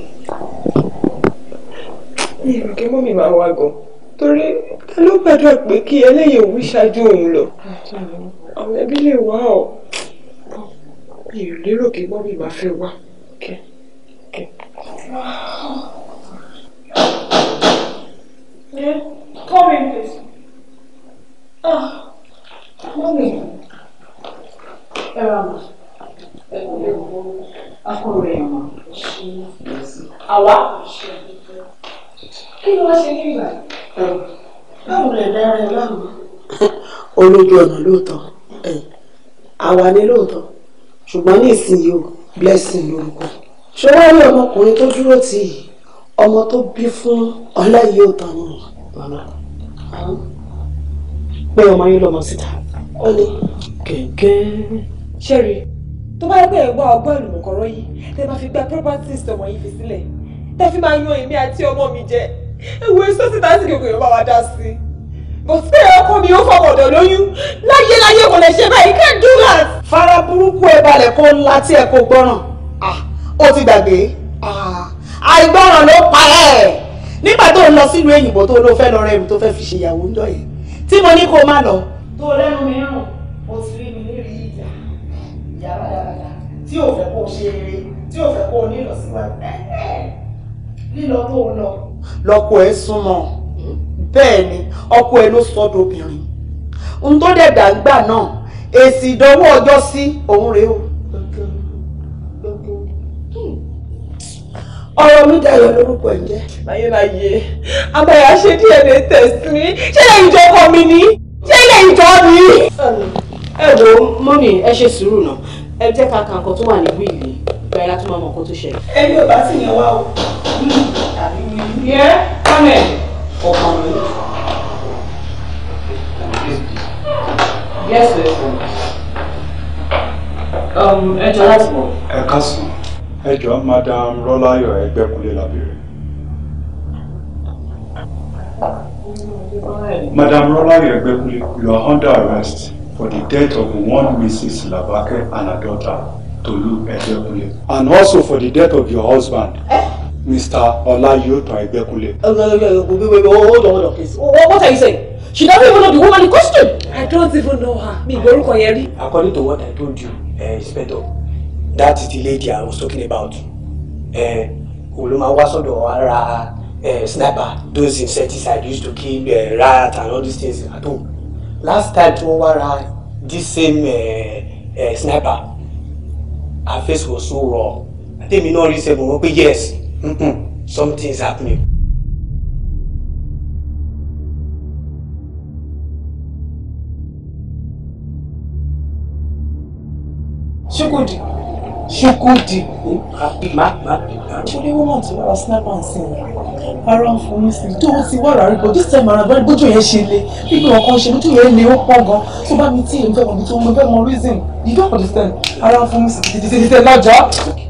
mi ò kí mọ́mì máa wá gan torí ta ló gbàdúrà pé kí ẹlẹ́yìn òwú ṣáájú òun lọ àwọn ẹbí lè wá ọ mi ò lérò pé mọ́mí máa fẹ́ wá. Yeah, come in please. Ah, mọ́mí. Ẹ ra mà. Ẹ kò lè wo akọ̀ròyìn àmà. Àwa? Kí ló wá ṣe ní ìgbà? Báwo lè dára ẹ láàmú? *laughs* Olójú ọ̀nà lóòótọ́, àwa ni lóòótọ́ ṣùgbọ́n ní ìsinyìí o blessing lórúkọ ṣé wọ́n rí ọmọkùnrin tó dúró tì í ọmọ tó bí fún ọláyé ò tán nù màmá pé ọmọ yín lọmọ síta. ó ní kẹ̀kẹ́. ṣẹ́rí tó bá gbé ẹ̀gbọ́n ọgbọ́n ìlùmọ̀kọ́rọ́ yìí tẹ́ bá fi gba properties ọmọ yìí fi sílẹ̀ tẹ́ fi máa yan èmi àti ọmọ mi jẹ ewu èso síta sí gbogbo bá wa dá sí i bọ̀sẹ̀ ọkọ mi ó fọwọ́dọ̀ lóyún láyé láyé kò lè ṣe báyìí can't do that. fara burúkú ẹ balẹ̀ kó ńlá tí ẹ kò gbọ́ràn ah, ó ti gbàgbé ah, àìgbọ́ràn ló pa ẹ̀ nígbà tó ń lọ sílùú èyìnbó tó ló fẹ́ lọ rẹ̀ tó fẹ́ fi ṣèyàwó ń dọ̀yẹ̀ tí mo ní kó má lọ. tó lẹ́nu mìíràn o ti rí mi lérí ìjà ìjà rádaràdà tí ò fẹ́ kó ṣe eré tí ò fẹ́ kó nílọsíwájú lílọ tó lọ. lọkọ ẹ súnmọ́ bẹ́ẹ̀ ni ọkọ ẹ ló sọ́dọ̀ obìnrin ohun tó dẹ̀ gbàǹgbà náà èsì ìdánwò ọjọ́ sí òun rèé o. ọ̀rọ̀ mi dayọ̀ lórúkọ ẹ̀ jẹ́. láyéláyé abẹ́yà ṣe DNA test mi ṣé ilé ìjọ ọkọ mi ni ṣé ilé ìjọ mi. ẹ wo mọ́mì ẹ ṣe sùúrù náà ẹ jẹ́ ká ka nǹkan tó wà ní wíìlì bẹ́ẹ̀ la tún máa tó ṣẹlẹ̀. ẹni ò bá sì yẹn wá o. yẹ kọ́mẹ̀ ọkàn mi. yes yes um, ẹ jọ láti mọ̀. ẹ kásán ẹ jọ madam rọláyọ ẹgbẹ́kúnlé lábẹrẹ. madam rọláyọ ẹgbẹ́kúnlé you are under arrest for the death of one mrs labake and her daughter tolu ẹgbẹ́kúnlé and also for the death of your husband. Eh? Mr. Olayotan Egbekunle. Hold on, hold on, please. What are you saying? She doesn't even know the woman in question. I don't even know her. Me orúkọ yẹn According to what I told you, uh, Inspector, that is the lady I was talking about. Oluma eh, wá sọ́dọ̀ ara eh, sniper those insecticides used to kill uh, rats and all these things at home. Last time to wọ́n this same uh, uh, sniper, her face was so raw. I náà rí sẹ́gun wọn pé yes. Mm-mm. Something is happening. Shukudi. Shukudi. Happy, ma, ma, ma. Shukudi, woman ti wá sniper and sing. Ara ń fún mi sí. Tó o ti wá rà rí bọ̀, this time ara bẹ́ẹ̀ bójú yẹn ṣe le. Bíbí wọn kan ṣe bójú yẹn le ó pọ̀ gan. Tó bá mi tí èmi fẹ́ mọ̀ bí tó mo reason. You don't understand. Ara ń fún mi sí. Tètè tètè lọ́jọ́.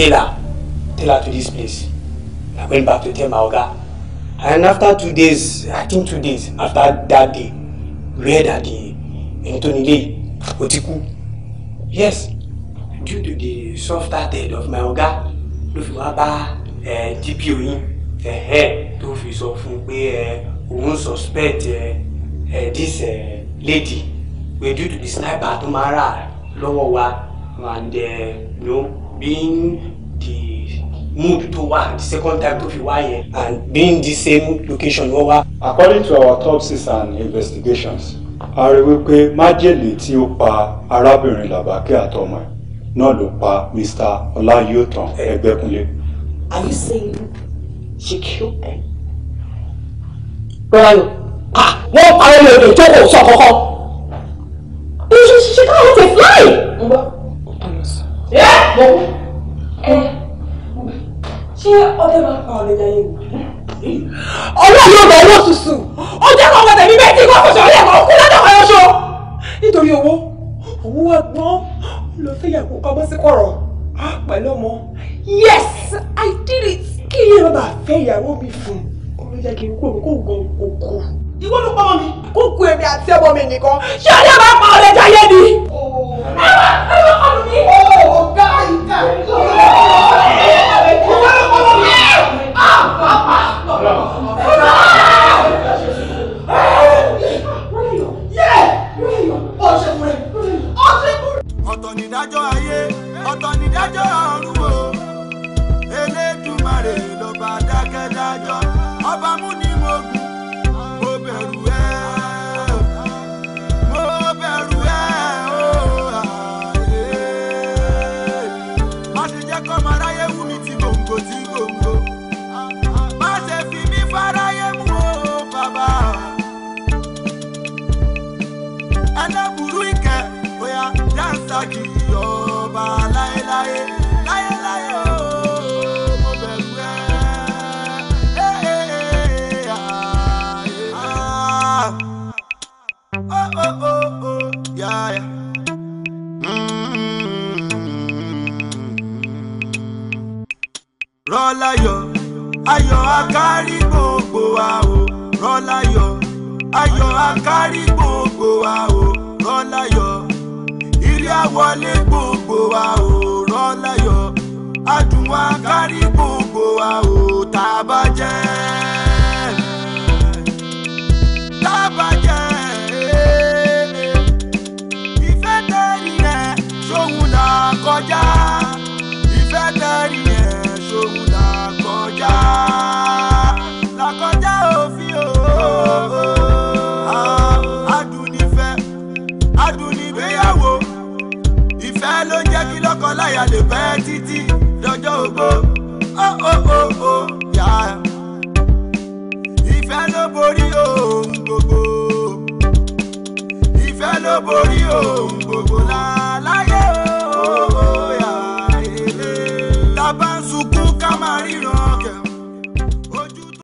tailor tailor to this place i went back to tell my oga and after two days i think two days after that day read that the entonile otiku yes due to the soft hearted of my oga ló fi wá bá eh, dpo yín tó fi sọ fún un pé eh, òun suspect eh, this lady pé due to the sniper tó máa rà lọ́wọ́ wa and uh, you being the mood to wà the second time to fi wá yẹn and being the same location wọ́n wá. according to our autopsies and investigations a rí wípé májèlé tí ó pa arábìnrin làbákẹ́ àtọmọ ẹ̀ náà ló pa mr ọláyọ̀tàn ẹgbẹ́kúnlé. are you saying she killed them. rọláyọ wọ́n pa ẹlẹ́dẹ̀ẹ́ tó kò sọ kọ́kọ́. you should she can't hit a fly ẹ mo kú. ẹ ṣé ọdẹ máa pa ọdẹ jayé mi. ọlọ́run yóò bẹ owó tuntun ọjọ́ kan wọ tẹ̀mí bẹ́ẹ̀ tí wọ́n fọṣọ ilé ẹ̀kọ́ kú lọ́dọ̀ kan yọṣọ. nítorí owó owó ọgbọ́n ló fẹ́yàwó ọgbọ́n sí kọ̀rọ̀ pẹ̀lú ọmọ. yes i did it. kí iye bàbá fẹ́ ìyàwó mi fún un ó yẹ kí n kó kó gan kókó. ìwọ ló pọ́n mi. kókó èmi àti ọmọ mi nìkan ṣé ọdẹ máa pa ọdẹ jayé ni. Oh.